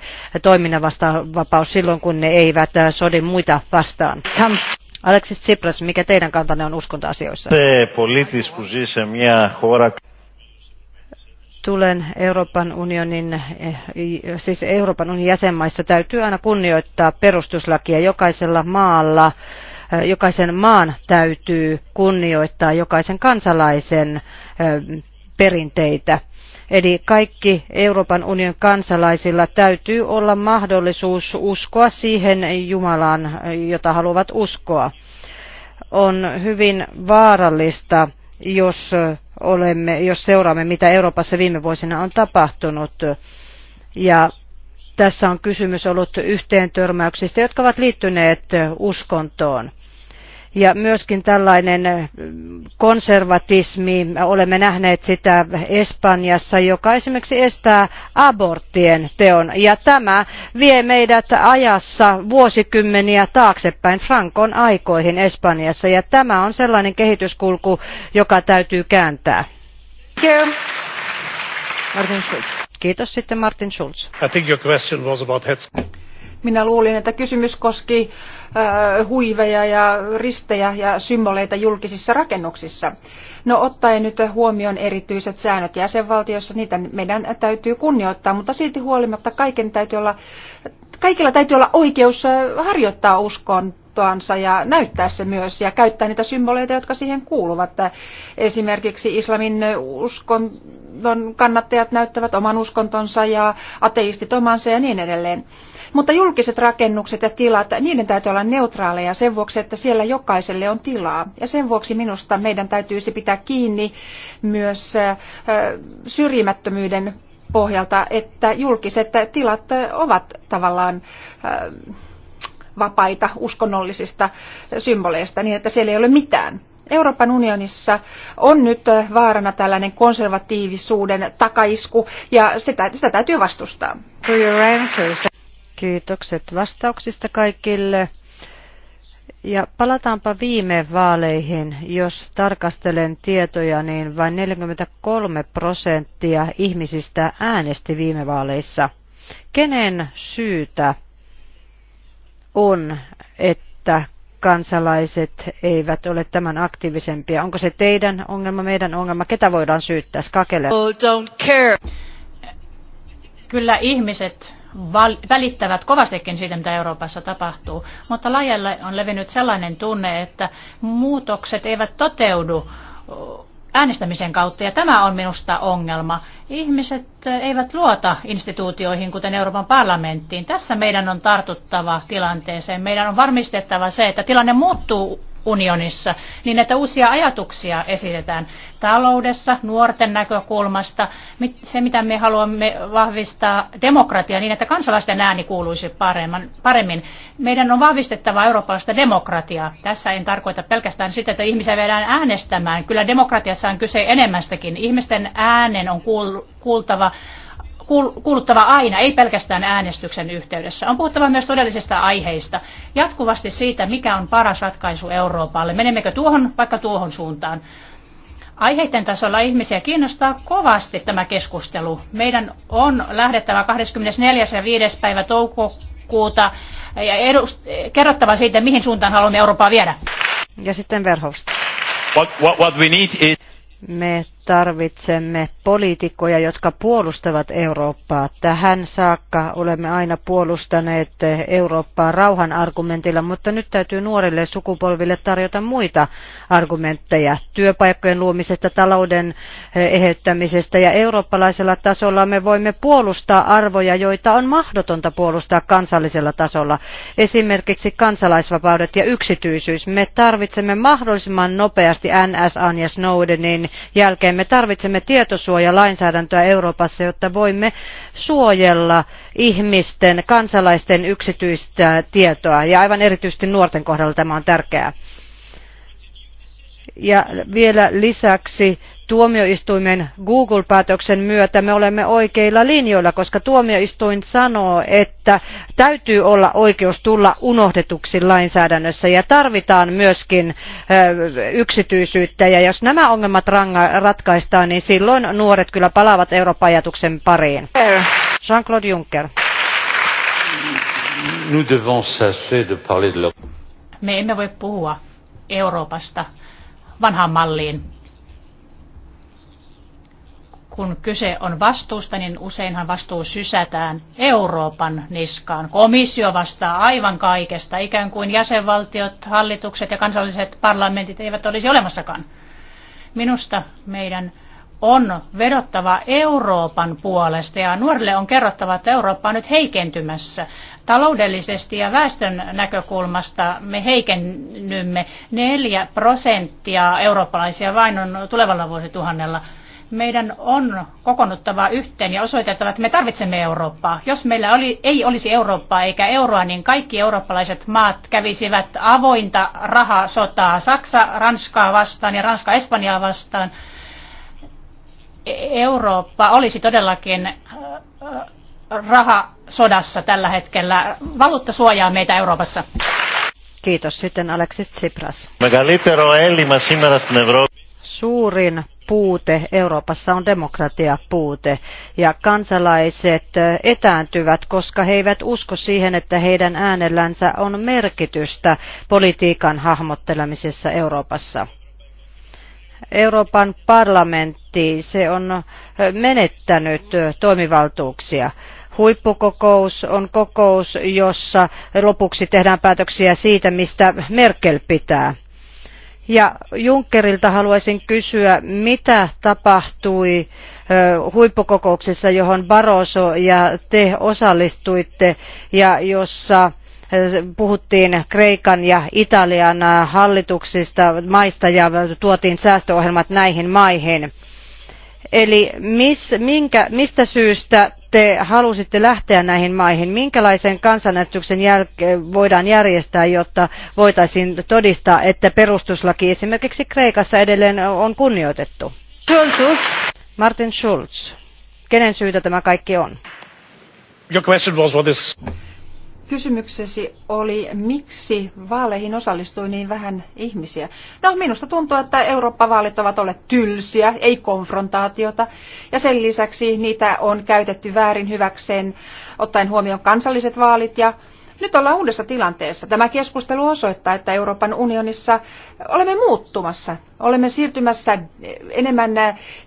vapaus silloin, kun ne eivät sodi muita vastaan. Alexis Tsipras, mikä teidän kantanne on uskontoasioissa? Tulen Euroopan unionin, eh, siis Euroopan unionin jäsenmaissa täytyy aina kunnioittaa perustuslakia jokaisella maalla. Eh, jokaisen maan täytyy kunnioittaa jokaisen kansalaisen eh, perinteitä Eli kaikki Euroopan unionin kansalaisilla täytyy olla mahdollisuus uskoa siihen Jumalaan, jota haluavat uskoa. On hyvin vaarallista, jos, olemme, jos seuraamme, mitä Euroopassa viime vuosina on tapahtunut. Ja tässä on kysymys ollut yhteentörmäyksistä, jotka ovat liittyneet uskontoon. Ja myöskin tällainen eh, konservatismi, olemme nähneet sitä Espanjassa, joka esimerkiksi estää aborttien teon. Ja tämä vie meidät ajassa vuosikymmeniä taaksepäin Frankon aikoihin Espanjassa. Ja tämä on sellainen kehityskulku, joka täytyy kääntää. Kiitos. Martin Schulz. Kiitos sitten Martin Schulz. I think your question was about heads. Minä luulin, että kysymys koski huiveja ja ristejä ja symboleita julkisissa rakennuksissa. No ottaen nyt huomioon erityiset säännöt jäsenvaltiossa, niitä meidän täytyy kunnioittaa, mutta silti huolimatta kaiken täytyy olla, kaikilla täytyy olla oikeus harjoittaa uskon uskontoansa ja näyttää se myös ja käyttää niitä symboleita, jotka siihen kuuluvat. Esimerkiksi islamin uskonnon kannattajat näyttävät oman uskontonsa ja ateistit omansa ja niin edelleen. Mutta julkiset rakennukset ja tilat, niiden täytyy olla neutraaleja sen vuoksi, että siellä jokaiselle on tilaa. Ja sen vuoksi minusta meidän täytyisi pitää kiinni myös syrjimättömyyden pohjalta, että julkiset tilat ovat tavallaan vapaita uskonnollisista symboleista niin, että siellä ei ole mitään. Euroopan unionissa on nyt vaarana tällainen konservatiivisuuden takaisku ja sitä, sitä täytyy vastustaa. Kiitokset vastauksista kaikille. Ja palataanpa viime vaaleihin. Jos tarkastelen tietoja, niin vain 43 prosenttia ihmisistä äänesti viime vaaleissa. Kenen syytä on, että kansalaiset eivät ole tämän aktiivisempia. Onko se teidän ongelma, meidän ongelma? Ketä voidaan syyttää? Skakele. Kyllä ihmiset välittävät kovastikin siitä, mitä Euroopassa tapahtuu, mutta lajelle on levinnyt sellainen tunne, että muutokset eivät toteudu äänestämisen kautta, ja tämä on minusta ongelma. Ihmiset eh, eivät luota instituutioihin, kuten Euroopan parlamenttiin. Tässä meidän on tartuttava tilanteeseen. Meidän on varmistettava se, että tilanne muuttuu unionissa, niin että uusia ajatuksia esitetään taloudessa, nuorten näkökulmasta, se mitä me haluamme vahvistaa demokratiaa niin, että kansalaisten ääni kuuluisi paremmin. Meidän on vahvistettava eurooppalaista demokratiaa. Tässä en tarkoita pelkästään sitä, että ihmisiä viedään äänestämään. Kyllä demokratiassa on kyse enemmästäkin. Ihmisten äänen on kuultava kuuluttava aina, ei pelkästään äänestyksen yhteydessä. On puhuttava myös todellisista aiheista, jatkuvasti siitä, mikä on paras ratkaisu Euroopalle. Menemmekö tuohon vaikka tuohon suuntaan? Aiheiden tasolla ihmisiä kiinnostaa kovasti tämä keskustelu. Meidän on lähdettävä 24. ja 5. päivä toukokuuta eh, ja edust- eh, kerrottava siitä, mihin suuntaan haluamme Eurooppaa viedä. Ja sitten Verhofstadt. What, what, what we need is... Me tarvitsemme poliitikkoja, jotka puolustavat Eurooppaa. Tähän saakka olemme aina puolustaneet Eurooppaa rauhan argumentilla, mutta nyt täytyy nuorille sukupolville tarjota muita argumentteja työpaikkojen luomisesta, talouden eh, eheyttämisestä ja eurooppalaisella tasolla me voimme puolustaa arvoja, joita on mahdotonta puolustaa kansallisella tasolla. Esimerkiksi kansalaisvapaudet ja yksityisyys. Me tarvitsemme mahdollisimman nopeasti NSAn ja Snowdenin jälkeen me tarvitsemme tietosuojalainsäädäntöä Euroopassa, jotta voimme suojella ihmisten, kansalaisten yksityistä tietoa. Ja aivan erityisesti nuorten kohdalla tämä on tärkeää. Ja vielä lisäksi tuomioistuimen Google-päätöksen myötä me olemme oikeilla linjoilla, koska tuomioistuin sanoo, että täytyy olla oikeus tulla unohdetuksi lainsäädännössä ja tarvitaan myöskin yksityisyyttä. Ja jos nämä ongelmat ratkaistaan, niin silloin nuoret kyllä palaavat Eurooppa-ajatuksen pariin. Jean-Claude Juncker. Me emme voi puhua Euroopasta vanhaan malliin kun kyse on vastuusta, niin useinhan vastuu sysätään Euroopan niskaan. Komissio vastaa aivan kaikesta, ikään kuin jäsenvaltiot, hallitukset ja kansalliset parlamentit eivät olisi olemassakaan. Minusta meidän on vedottava Euroopan puolesta ja nuorille on kerrottava, että Eurooppa on nyt heikentymässä. Taloudellisesti ja väestön näkökulmasta me heikennymme. Neljä prosenttia eurooppalaisia vain on tulevalla vuosituhannella – meidän on kokonnuttava yhteen ja osoitettava, että me tarvitsemme Eurooppaa. Jos meillä oli, ei olisi Eurooppaa eikä euroa, niin kaikki eurooppalaiset maat kävisivät avointa rahasotaa Saksa, Ranskaa vastaan ja Ranska Espanjaa vastaan. E-, Eurooppa olisi todellakin äh, äh, rahasodassa tällä hetkellä. Valuutta suojaa meitä Euroopassa. Kiitos. Sitten Alexis Tsipras. Suurin puute Euroopassa on demokratiapuute ja kansalaiset etääntyvät, koska he eivät usko siihen, että heidän äänellänsä on merkitystä politiikan hahmottelemisessa Euroopassa. Euroopan parlamentti, se on menettänyt toimivaltuuksia. Huippukokous on kokous, jossa lopuksi tehdään päätöksiä siitä, mistä Merkel pitää ja Junckerilta haluaisin kysyä, mitä tapahtui huippukokouksessa, johon Barroso ja te osallistuitte ja jossa puhuttiin Kreikan ja Italian hallituksista maista ja tuotiin säästöohjelmat näihin maihin Eli mis, minkä, mistä syystä te halusitte lähteä näihin maihin? Minkälaisen kansanäänestyksen jälkeen voidaan järjestää, jotta voitaisiin todistaa, että perustuslaki esimerkiksi Kreikassa edelleen on kunnioitettu? Schulz. Martin Schulz. Kenen syytä tämä kaikki on? Your question was what is kysymyksesi oli, miksi vaaleihin osallistui niin vähän ihmisiä. No minusta tuntuu, että Eurooppa-vaalit ovat olleet tylsiä, ei konfrontaatiota. Ja sen lisäksi niitä on käytetty väärin hyväkseen, ottaen huomioon kansalliset vaalit ja nyt ollaan uudessa tilanteessa. Tämä keskustelu osoittaa, että Euroopan unionissa olemme muuttumassa. Olemme siirtymässä enemmän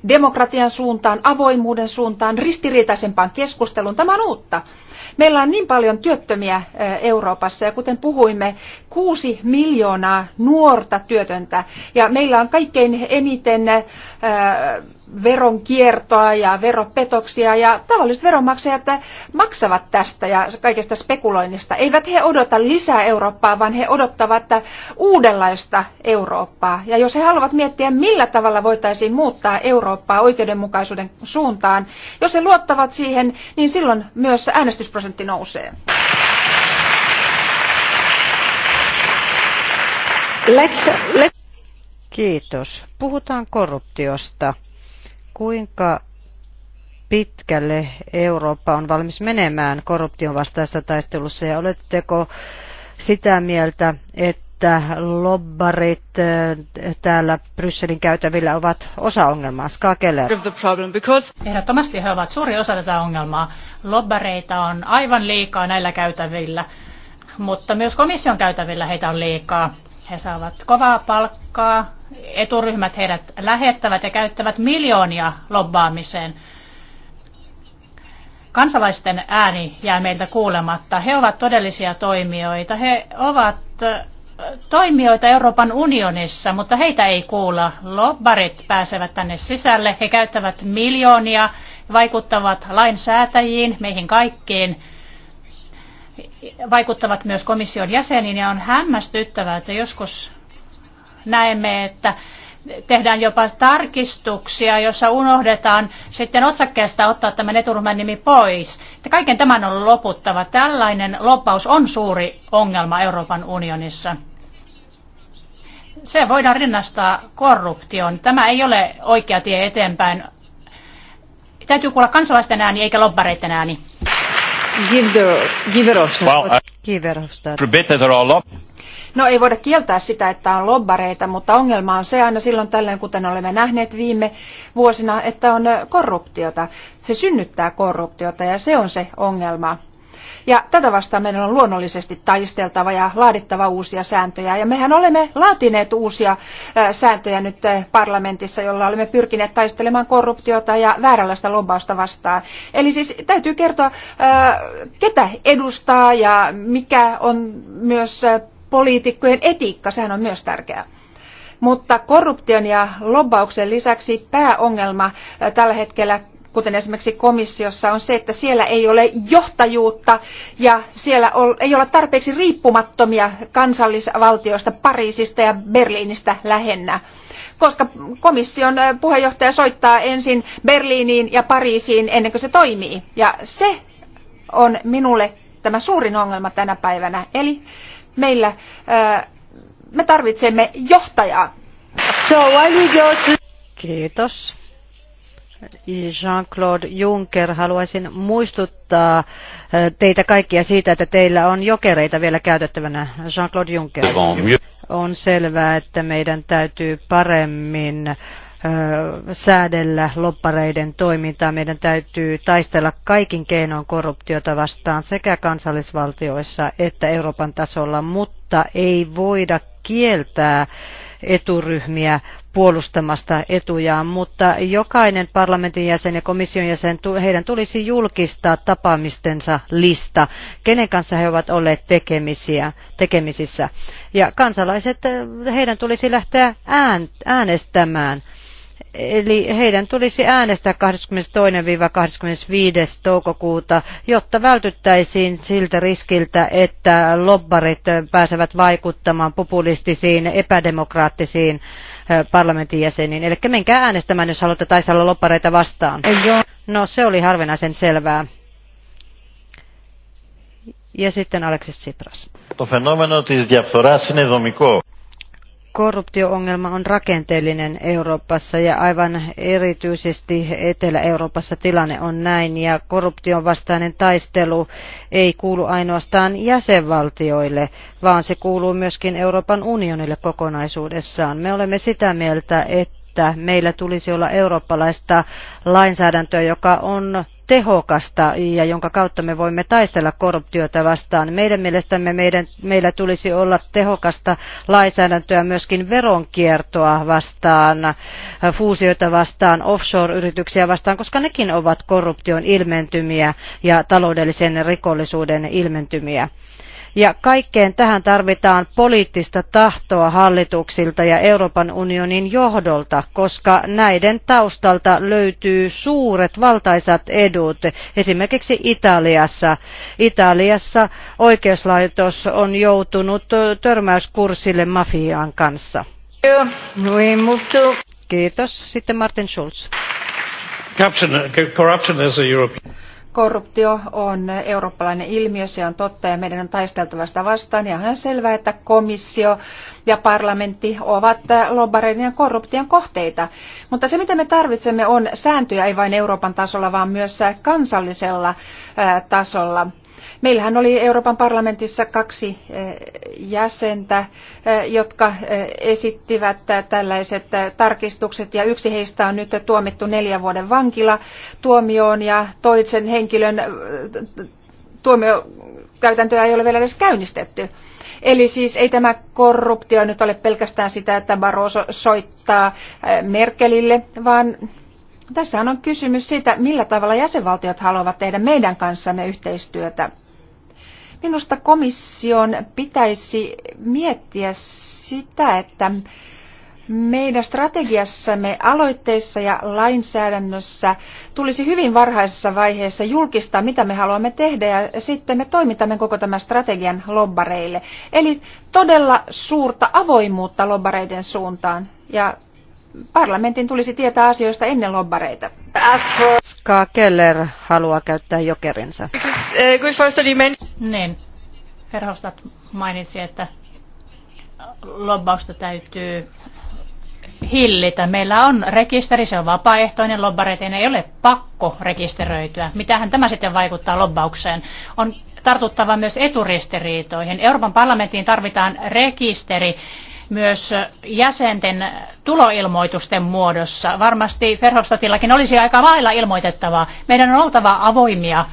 demokratian suuntaan, avoimuuden suuntaan, ristiriitaisempaan keskusteluun. Tämä on uutta. Meillä on niin paljon työttömiä Euroopassa ja kuten puhuimme, kuusi miljoonaa nuorta työtöntä ja meillä on kaikkein eniten veronkiertoa ja veropetoksia ja tavalliset veronmaksajat maksavat tästä ja kaikesta spekuloinnista. Eivät he odota lisää Eurooppaa, vaan he odottavat uudenlaista Eurooppaa. Ja jos he haluavat miettiä, millä tavalla voitaisiin muuttaa Eurooppaa oikeudenmukaisuuden suuntaan, jos he luottavat siihen, niin silloin myös äänestysprosessi prosentti nousee. Let's, let's... Kiitos. Puhutaan korruptiosta. Kuinka pitkälle Eurooppa on valmis menemään korruption vastaisessa taistelussa ja oletteko sitä mieltä, että että lobbarit eh, täällä Brysselin käytävillä ovat osa ongelmaa. Skakele. Ehdottomasti he ovat suuri osa tätä ongelmaa. Lobbareita on aivan liikaa näillä käytävillä, mutta myös komission käytävillä heitä on liikaa. He saavat kovaa palkkaa, eturyhmät heidät lähettävät ja käyttävät miljoonia lobbaamiseen kansalaisten ääni jää meiltä kuulematta. He ovat todellisia toimijoita. He ovat toimijoita Euroopan unionissa, mutta heitä ei kuulla. Lobbarit pääsevät tänne sisälle, he käyttävät miljoonia, vaikuttavat lainsäätäjiin, meihin kaikkiin, vaikuttavat myös komission jäseniin ja on hämmästyttävää, että joskus näemme, että tehdään jopa tarkistuksia, jossa unohdetaan sitten otsakkeesta ottaa tämä neturman nimi pois. Että kaiken tämän on loputtava. Tällainen loppaus on suuri ongelma Euroopan unionissa se voidaan rinnastaa korruptioon. Tämä ei ole oikea tie eteenpäin. Täytyy kuulla kansalaisten ääni eikä lobbareiden ääni. No ei voida kieltää sitä, että on lobbareita, mutta ongelma on se aina silloin tällöin, kuten olemme nähneet viime vuosina, että on korruptiota. Se synnyttää korruptiota ja se on se ongelma. Ja tätä vastaan meidän on luonnollisesti taisteltava ja laadittava uusia sääntöjä. Ja mehän olemme laatineet uusia sääntöjä nyt parlamentissa, jolla olemme pyrkineet taistelemaan korruptiota ja vääränlaista lobbausta vastaan. Eli siis täytyy kertoa, ketä edustaa ja mikä on myös poliitikkojen etiikka, sehän on myös tärkeää. Mutta korruption ja lobbauksen lisäksi pääongelma tällä hetkellä kuten esimerkiksi komissiossa, on se, että siellä ei ole johtajuutta ja siellä ei olla tarpeeksi riippumattomia kansallisvaltioista Pariisista ja Berliinistä lähennä koska komission puheenjohtaja soittaa ensin Berliiniin ja Pariisiin ennen kuin se toimii. Ja se on minulle tämä suurin ongelma tänä päivänä. Eli meillä me tarvitsemme johtajaa. So, Kiitos. Jean-Claude Juncker, haluaisin muistuttaa eh, teitä kaikkia siitä, että teillä on jokereita vielä käytettävänä. Jean-Claude Juncker, on selvää, että meidän täytyy paremmin eh, säädellä loppareiden toimintaa. Meidän täytyy taistella kaikin keinoin korruptiota vastaan sekä kansallisvaltioissa että Euroopan tasolla, mutta ei voida kieltää eturyhmiä puolustamasta etujaan, mutta jokainen parlamentin jäsen ja komission jäsen, heidän tulisi julkistaa tapaamistensa lista, kenen kanssa he ovat olleet tekemisiä, tekemisissä. Ja kansalaiset, eh, heidän tulisi lähteä äänestämään Eli heidän tulisi äänestää 22-25. toukokuuta, jotta vältyttäisiin siltä riskiltä, että lobbarit pääsevät vaikuttamaan populistisiin, epädemokraattisiin parlamentin jäseniin. Eli menkää äänestämään, jos haluatte taistella lobbareita vastaan. No se oli harvinaisen selvää. Ja sitten Alexis Tsipras. To fenomeno tis διαφθοράς είναι korruptioongelma on rakenteellinen Euroopassa ja aivan erityisesti Etelä-Euroopassa tilanne on näin ja korruption vastainen taistelu ei kuulu ainoastaan jäsenvaltioille, vaan se kuuluu myöskin Euroopan unionille kokonaisuudessaan. Me olemme sitä mieltä, että että meillä tulisi olla eurooppalaista lainsäädäntöä, joka on tehokasta ja jonka kautta me voimme taistella korruptiota vastaan. Meidän mielestämme meidän, meillä tulisi olla tehokasta lainsäädäntöä myöskin veronkiertoa vastaan, fuusioita vastaan, offshore-yrityksiä vastaan, koska nekin ovat korruption ilmentymiä ja taloudellisen rikollisuuden ilmentymiä. Ja kaikkeen tähän tarvitaan poliittista tahtoa hallituksilta ja Euroopan unionin johdolta, koska näiden taustalta löytyy suuret valtaisat edut. Esimerkiksi Italiassa. Italiassa oikeuslaitos on joutunut törmäyskurssille mafiaan kanssa. Kiitos. Sitten Martin Schulz. Corruption, is a European... Korruptio on eurooppalainen ilmiö, se on totta ja meidän on taisteltava sitä vastaan. Ja on ihan selvää, että komissio ja parlamentti ovat lobbareiden ja korruption kohteita. Mutta se, mitä me tarvitsemme, on sääntöjä ei vain Euroopan tasolla, vaan myös kansallisella tasolla Meillähän oli Euroopan parlamentissa kaksi eh, jäsentä, eh, jotka eh, esittivät tällaiset tarkistukset ja yksi heistä on nyt tuomittu neljän vuoden vankila tuomioon ja toisen henkilön tuomiokäytäntöä ei ole vielä edes käynnistetty. Eli siis ei tämä korruptio nyt ole pelkästään sitä, että Barroso soittaa Merkelille, vaan tässä on kysymys siitä, millä tavalla jäsenvaltiot haluavat tehdä meidän kanssamme yhteistyötä. Minusta komission pitäisi miettiä sitä, että meidän strategiassamme, aloitteissa ja lainsäädännössä tulisi hyvin varhaisessa vaiheessa julkistaa, mitä me haluamme tehdä ja sitten me toimitamme koko tämän strategian lobbareille. Eli todella suurta avoimuutta lobbareiden suuntaan ja parlamentin tulisi tietää asioista ennen lobbareita. Ska Keller haluaa käyttää jokerinsa. Niin. Verhofstadt mainitsi, että lobbausta täytyy hillitä. Meillä on rekisteri, se on vapaaehtoinen, lobbareiden ei ole pakko rekisteröityä. Mitähän tämä sitten vaikuttaa lobbaukseen? On tartuttava myös eturistiriitoihin. Euroopan parlamenttiin tarvitaan rekisteri, myös jäsenten tuloilmoitusten muodossa. Varmasti Verhofstadtillakin olisi aika lailla ilmoitettavaa. Meidän on oltava avoimia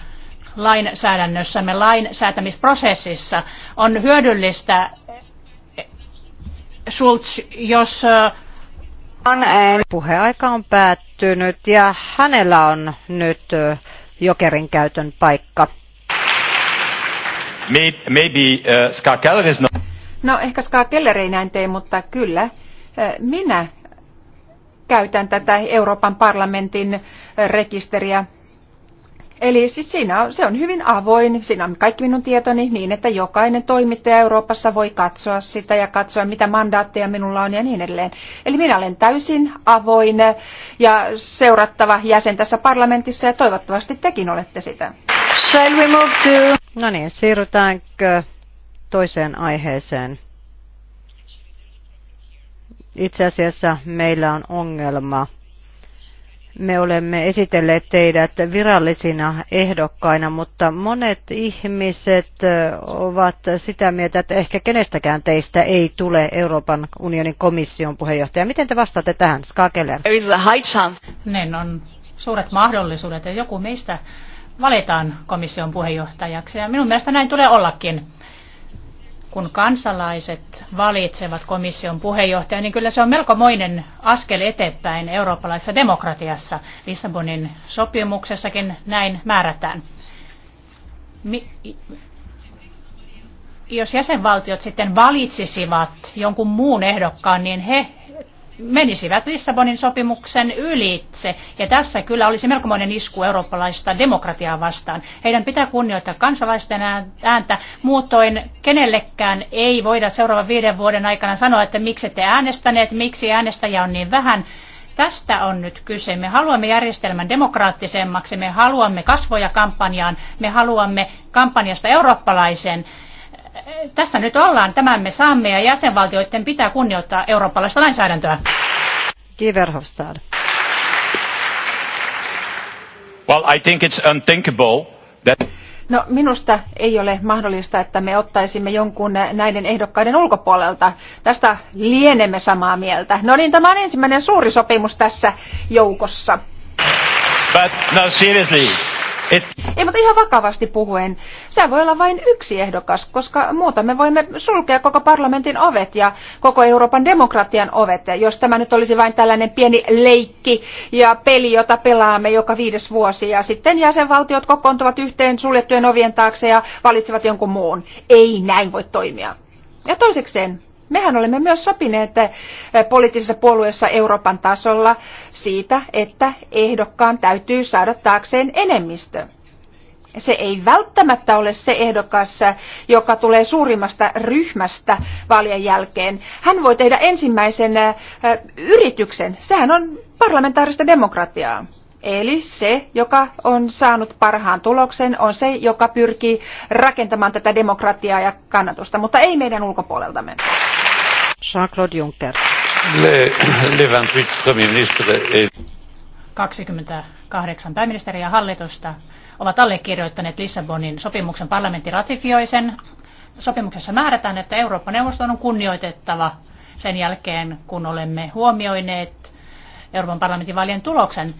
lainsäädännössämme, lainsäätämisprosessissa. On hyödyllistä, Schulz, jos eh, Puheaika on päättynyt ja hänellä on nyt eh, jokerin käytön paikka. Maybe, uh, eh, Ska Keller is not... No ehkä skaa kellerei näin tee, mutta kyllä minä käytän tätä Euroopan parlamentin rekisteriä. Eli siis siinä on, se on hyvin avoin, siinä on kaikki minun tietoni niin, että jokainen toimittaja Euroopassa voi katsoa sitä ja katsoa, mitä mandaatteja minulla on ja niin edelleen. Eli minä olen täysin avoin ja seurattava jäsen tässä parlamentissa ja toivottavasti tekin olette sitä. Shall we move to... No niin, siirrytäänkö toiseen aiheeseen. Itse asiassa meillä on ongelma. Me olemme esitelleet teidät virallisina ehdokkaina, mutta monet ihmiset ovat sitä mieltä, että ehkä kenestäkään teistä ei tule Euroopan unionin komission puheenjohtaja. Miten te vastaatte tähän, Skakeler? There is a high chance. Niin on suuret mahdollisuudet, että joku meistä valitaan komission puheenjohtajaksi. Ja minun mielestä näin tulee ollakin kun kansalaiset valitsevat komission puheenjohtajan, niin kyllä se on melkomoinen askel eteenpäin eurooppalaisessa demokratiassa. Lissabonin sopimuksessakin näin määrätään. Mi- jos jäsenvaltiot sitten valitsisivat jonkun muun ehdokkaan, niin he menisivät Lissabonin sopimuksen ylitse. Ja tässä kyllä olisi melkomoinen isku eurooppalaista demokratiaa vastaan. Heidän pitää kunnioittaa kansalaisten ääntä. Muutoin kenellekään ei voida seuraavan viiden vuoden aikana sanoa, että miksi te äänestäneet, miksi äänestäjä on niin vähän. Tästä on nyt kyse. Me haluamme järjestelmän demokraattisemmaksi, me haluamme kasvoja kampanjaan, me haluamme kampanjasta eurooppalaisen tässä nyt ollaan, tämän me saamme ja jäsenvaltioiden pitää kunnioittaa eurooppalaista lainsäädäntöä. Kiverhofstad. Well, I think it's unthinkable that... No minusta ei ole mahdollista, että me ottaisimme jonkun näiden ehdokkaiden ulkopuolelta. Tästä lienemme samaa mieltä. No niin, tämä on ensimmäinen suuri sopimus tässä joukossa. But, no, seriously. Et... Ei, mutta ihan vakavasti puhuen. Se voi olla vain yksi ehdokas, koska muuta me voimme sulkea koko parlamentin ovet ja koko Euroopan demokratian ovet, jos tämä nyt olisi vain tällainen pieni leikki ja peli, jota pelaamme joka viides vuosi. Ja sitten jäsenvaltiot kokoontuvat yhteen suljettujen ovien taakse ja valitsevat jonkun muun. Ei näin voi toimia. Ja toisekseen, Mehän olemme myös sopineet eh, poliittisessa puolueessa Euroopan tasolla siitä, että ehdokkaan täytyy saada taakseen enemmistö. Se ei välttämättä ole se ehdokas, eh, joka tulee suurimmasta ryhmästä vaalien jälkeen. Hän voi tehdä ensimmäisen eh, yrityksen. Sehän on parlamentaarista demokratiaa. Eli se, joka on saanut parhaan tuloksen, on se, joka pyrkii rakentamaan tätä demokratiaa ja kannatusta, mutta ei meidän ulkopuoleltamme. Jean-Claude Juncker. Le, le 28 pääministeriä ja hallitusta ovat allekirjoittaneet Lissabonin sopimuksen. Parlamentti ratifioi sen. Sopimuksessa määrätään, että Euroopan neuvoston on kunnioitettava sen jälkeen, kun olemme huomioineet Euroopan parlamentin vaalien tuloksen.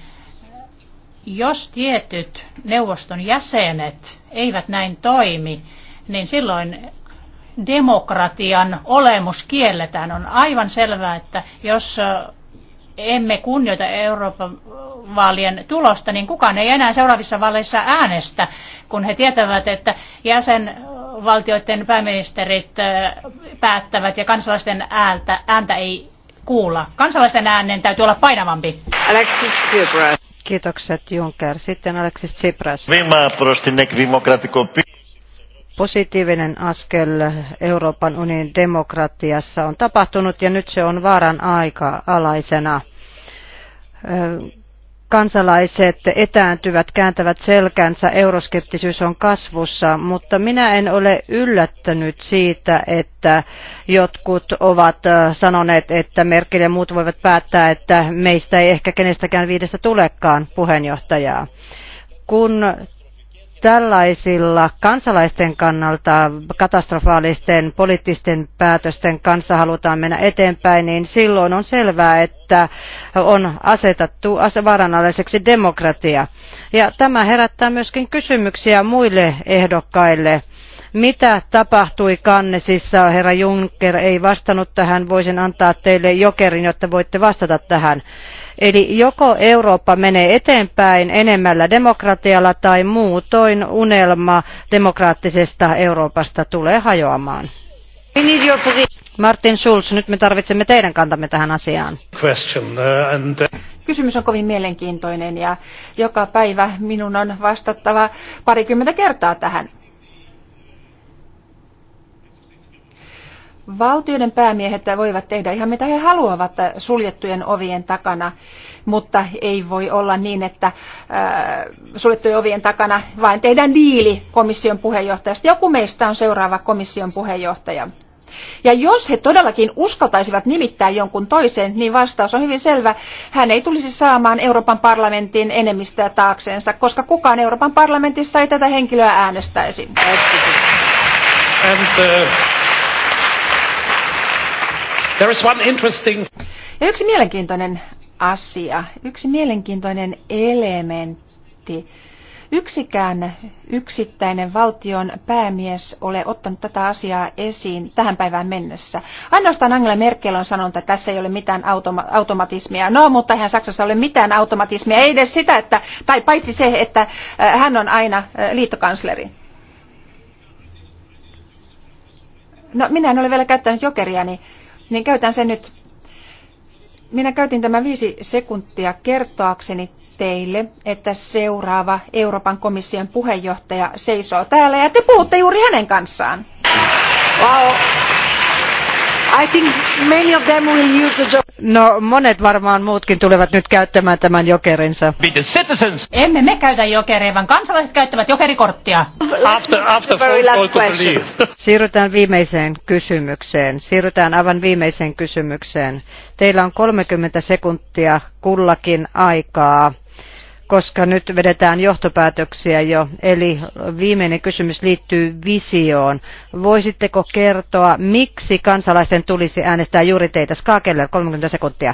Jos tietyt neuvoston jäsenet eivät näin toimi, niin silloin demokratian olemus kielletään. On aivan selvää, että jos emme kunnioita Euroopan vaalien tulosta, niin kukaan ei enää seuraavissa vaaleissa äänestä, kun he tietävät, että jäsenvaltioiden pääministerit päättävät ja kansalaisten ääntä, ääntä ei kuulla. Kansalaisten äänen täytyy olla painavampi. Alexis Tsipras. Kiitokset Juncker. Sitten Alexis Tsipras. Positiivinen askel Euroopan unionin demokratiassa on tapahtunut ja nyt se on vaaran aika alaisena kansalaiset etääntyvät, kääntävät selkänsä, euroskeptisyys on kasvussa, mutta minä en ole yllättänyt siitä, että jotkut ovat äh, sanoneet, että Merkel ja muut voivat päättää, että meistä ei ehkä kenestäkään viidestä tulekaan puheenjohtajaa. Kun tällaisilla kansalaisten kannalta katastrofaalisten poliittisten päätösten kanssa halutaan mennä eteenpäin, niin silloin on selvää, että on asetettu vaaranalaiseksi demokratia. Ja tämä herättää myöskin kysymyksiä muille ehdokkaille. Mitä tapahtui Kannesissa? Herra Juncker ei vastannut tähän. Voisin antaa teille jokerin, jotta voitte vastata tähän. Eli joko Eurooppa menee eteenpäin enemmällä demokratialla tai muutoin unelma demokraattisesta Euroopasta tulee hajoamaan. Martin Schulz, nyt me tarvitsemme teidän kantamme tähän asiaan. Uh, uh, Kysymys on kovin mielenkiintoinen ja joka päivä minun on vastattava parikymmentä kertaa tähän. Valtioiden päämiehet voivat tehdä ihan mitä he haluavat suljettujen ovien takana, mutta ei voi olla niin, että ää, äh, suljettujen ovien takana vain tehdään diili komission puheenjohtajasta. Joku meistä on seuraava komission puheenjohtaja. Ja jos he todellakin uskaltaisivat nimittää jonkun toisen, niin vastaus on hyvin selvä. Hän ei tulisi saamaan Euroopan parlamentin enemmistöä taakseensa, koska kukaan Euroopan parlamentissa ei tätä henkilöä äänestäisi. And, uh... There is one interesting... Ja yksi mielenkiintoinen asia, yksi mielenkiintoinen elementti. Yksikään yksittäinen valtion päämies ole ottanut tätä asiaa esiin tähän päivään mennessä. Ainoastaan Angela Merkel on sanonut, että tässä ei ole mitään automa- automatismia. No, mutta eihän Saksassa ole mitään automatismia, ei edes sitä, että, tai paitsi se, että äh, hän on aina äh, liittokansleri. No, minä en ole vielä käyttänyt jokeriani. Niin niin käytän sen nyt. Minä käytin tämän viisi sekuntia kertoakseni teille, että seuraava Euroopan komission puheenjohtaja seisoo täällä ja te puhutte juuri hänen kanssaan. Wow. No monet varmaan muutkin tulevat nyt käyttämään tämän jokerinsa. Emme me käytä jokereja, vaan kansalaiset käyttävät jokerikorttia. After, after Siirrytään viimeiseen kysymykseen. Siirrytään aivan viimeiseen kysymykseen. Teillä on 30 sekuntia kullakin aikaa koska nyt vedetään johtopäätöksiä jo. Eli viimeinen kysymys liittyy visioon. Voisitteko kertoa, miksi kansalaisen tulisi äänestää juuri teitä? Skakelle 30 sekuntia.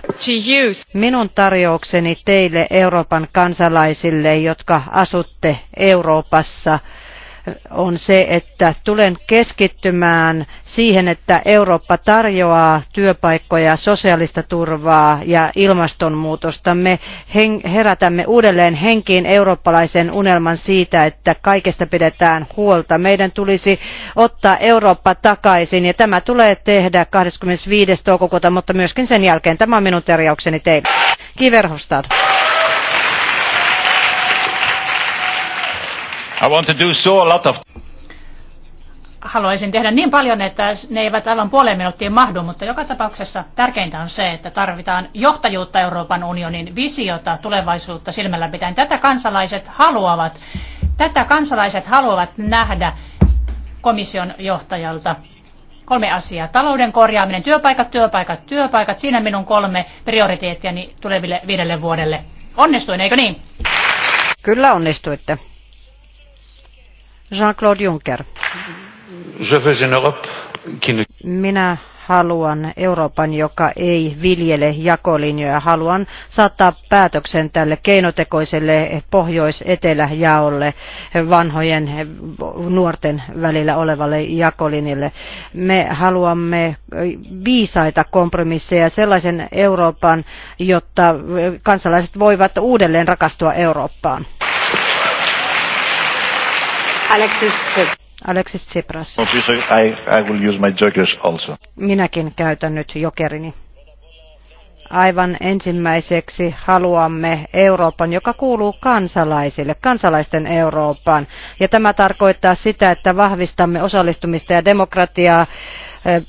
Minun tarjoukseni teille Euroopan kansalaisille, jotka asutte Euroopassa, on se, että tulen keskittymään siihen, että Eurooppa tarjoaa työpaikkoja, sosiaalista turvaa ja ilmastonmuutosta. Me herätämme uudelleen henkiin eurooppalaisen unelman siitä, että kaikesta pidetään huolta. Meidän tulisi ottaa Eurooppa takaisin ja tämä tulee tehdä 25. toukokuuta, mutta myöskin sen jälkeen. Tämä on minun terjaukseni teille. Kiverhostad. I want to do so a lot of... Haluaisin tehdä niin paljon, että ne eivät aivan puoleen minuuttiin mahdu, mutta joka tapauksessa tärkeintä on se, että tarvitaan johtajuutta Euroopan unionin visiota tulevaisuutta silmällä pitäen. Tätä kansalaiset haluavat. Tätä kansalaiset haluavat nähdä komission johtajalta kolme asiaa. Talouden korjaaminen, työpaikat, työpaikat, työpaikat. Siinä minun kolme prioriteettiani tuleville viidelle vuodelle. Onnistuin, eikö niin? Kyllä onnistuitte. Jean-Claude Juncker. Minä haluan Euroopan, joka ei viljele jakolinjoja. Haluan saattaa päätöksen tälle keinotekoiselle pohjois-eteläjaolle vanhojen nuorten välillä olevalle jakolinjalle. Me haluamme viisaita kompromisseja sellaisen Euroopan, jotta kansalaiset voivat uudelleen rakastua Eurooppaan. Alexis Tsipras. Alexis oh, Tsipras. I, I will use my jokers also. Minäkin käytän nyt jokerini. Aivan ensimmäiseksi haluamme Euroopan, joka kuuluu kansalaisille, kansalaisten Eurooppaan. Ja tämä tarkoittaa sitä, että vahvistamme osallistumista ja demokratiaa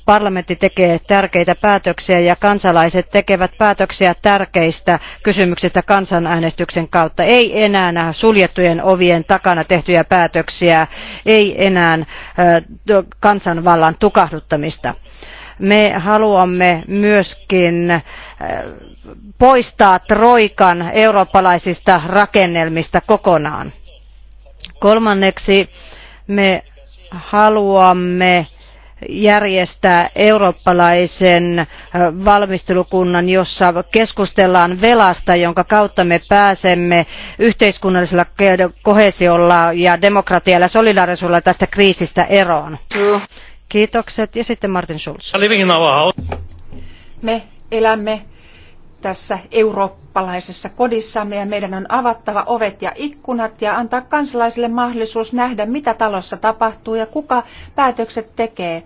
parlamentti tekee tärkeitä päätöksiä ja kansalaiset tekevät päätöksiä tärkeistä kysymyksistä kansanäänestyksen kautta. Ei enää suljettujen ovien takana tehtyjä päätöksiä, ei enää kansanvallan tukahduttamista me haluamme myöskin poistaa troikan eurooppalaisista rakennelmista kokonaan. Kolmanneksi me haluamme järjestää eurooppalaisen valmistelukunnan, jossa keskustellaan velasta, jonka kautta me pääsemme yhteiskunnallisella kohesiolla ja demokratialla ja solidaarisuudella tästä kriisistä eroon. Kiitokset. Ja sitten Martin Schulz. Me elämme tässä eurooppalaisessa kodissamme ja meidän on avattava ovet ja ikkunat ja antaa kansalaisille mahdollisuus nähdä, mitä talossa tapahtuu ja kuka päätökset tekee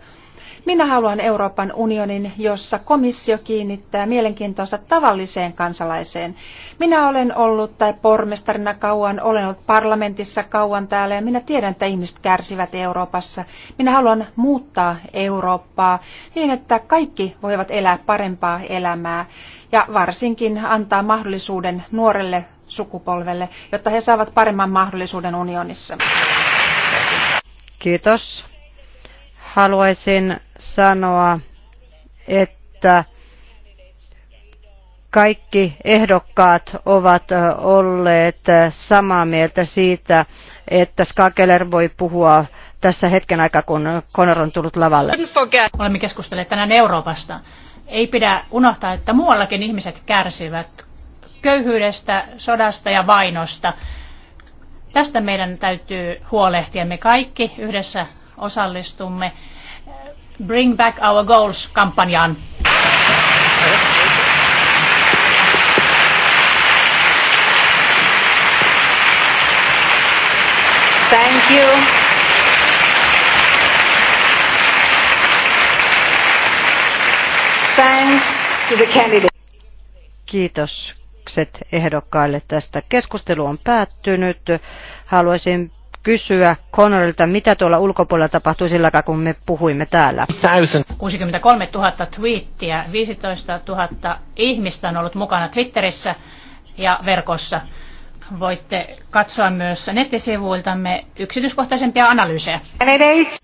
minä haluan Euroopan unionin, jossa komissio kiinnittää mielenkiintonsa tavalliseen kansalaiseen. Minä olen ollut tai pormestarina kauan, olen ollut parlamentissa kauan täällä ja minä tiedän, että ihmiset kärsivät Euroopassa. Minä haluan muuttaa Eurooppaa niin, että kaikki voivat elää parempaa elämää ja varsinkin antaa mahdollisuuden nuorelle sukupolvelle, jotta he saavat paremman mahdollisuuden unionissa. Kiitos haluaisin sanoa, että kaikki ehdokkaat ovat olleet samaa mieltä siitä, että Skakeler voi puhua tässä hetken aikaa, kun Conor on tullut lavalle. Olemme keskustelleet tänään Euroopasta. Ei pidä unohtaa, että muuallakin ihmiset kärsivät köyhyydestä, sodasta ja vainosta. Tästä meidän täytyy huolehtia. Me kaikki yhdessä osallistumme Bring Back Our Goals-kampanjaan. Thank you. Thanks to the candidate. Kiitos ehdokkaille tästä. Keskustelu on päättynyt. Haluaisin kysyä Connorilta, mitä tuolla ulkopuolella tapahtui sillä aikaa, kun me puhuimme täällä. 63 000 twiittiä, 15 000 ihmistä on ollut mukana Twitterissä ja verkossa voitte katsoa myös nettisivuiltamme yksityiskohtaisempia analyysejä.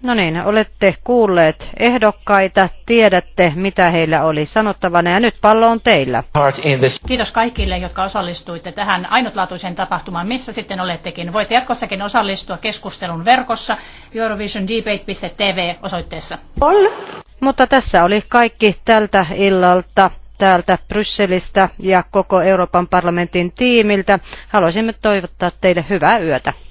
No niin, olette kuulleet ehdokkaita, tiedätte mitä heillä oli sanottavana ja nyt pallo on teillä. Kiitos kaikille, jotka osallistuitte tähän ainutlaatuiseen tapahtumaan, missä sitten olettekin. Voitte jatkossakin osallistua keskustelun verkossa eurovisiondebate.tv osoitteessa. Mutta tässä oli kaikki tältä illalta täältä Brysselistä ja koko Euroopan parlamentin tiimiltä. Haluaisimme toivottaa teille hyvää yötä.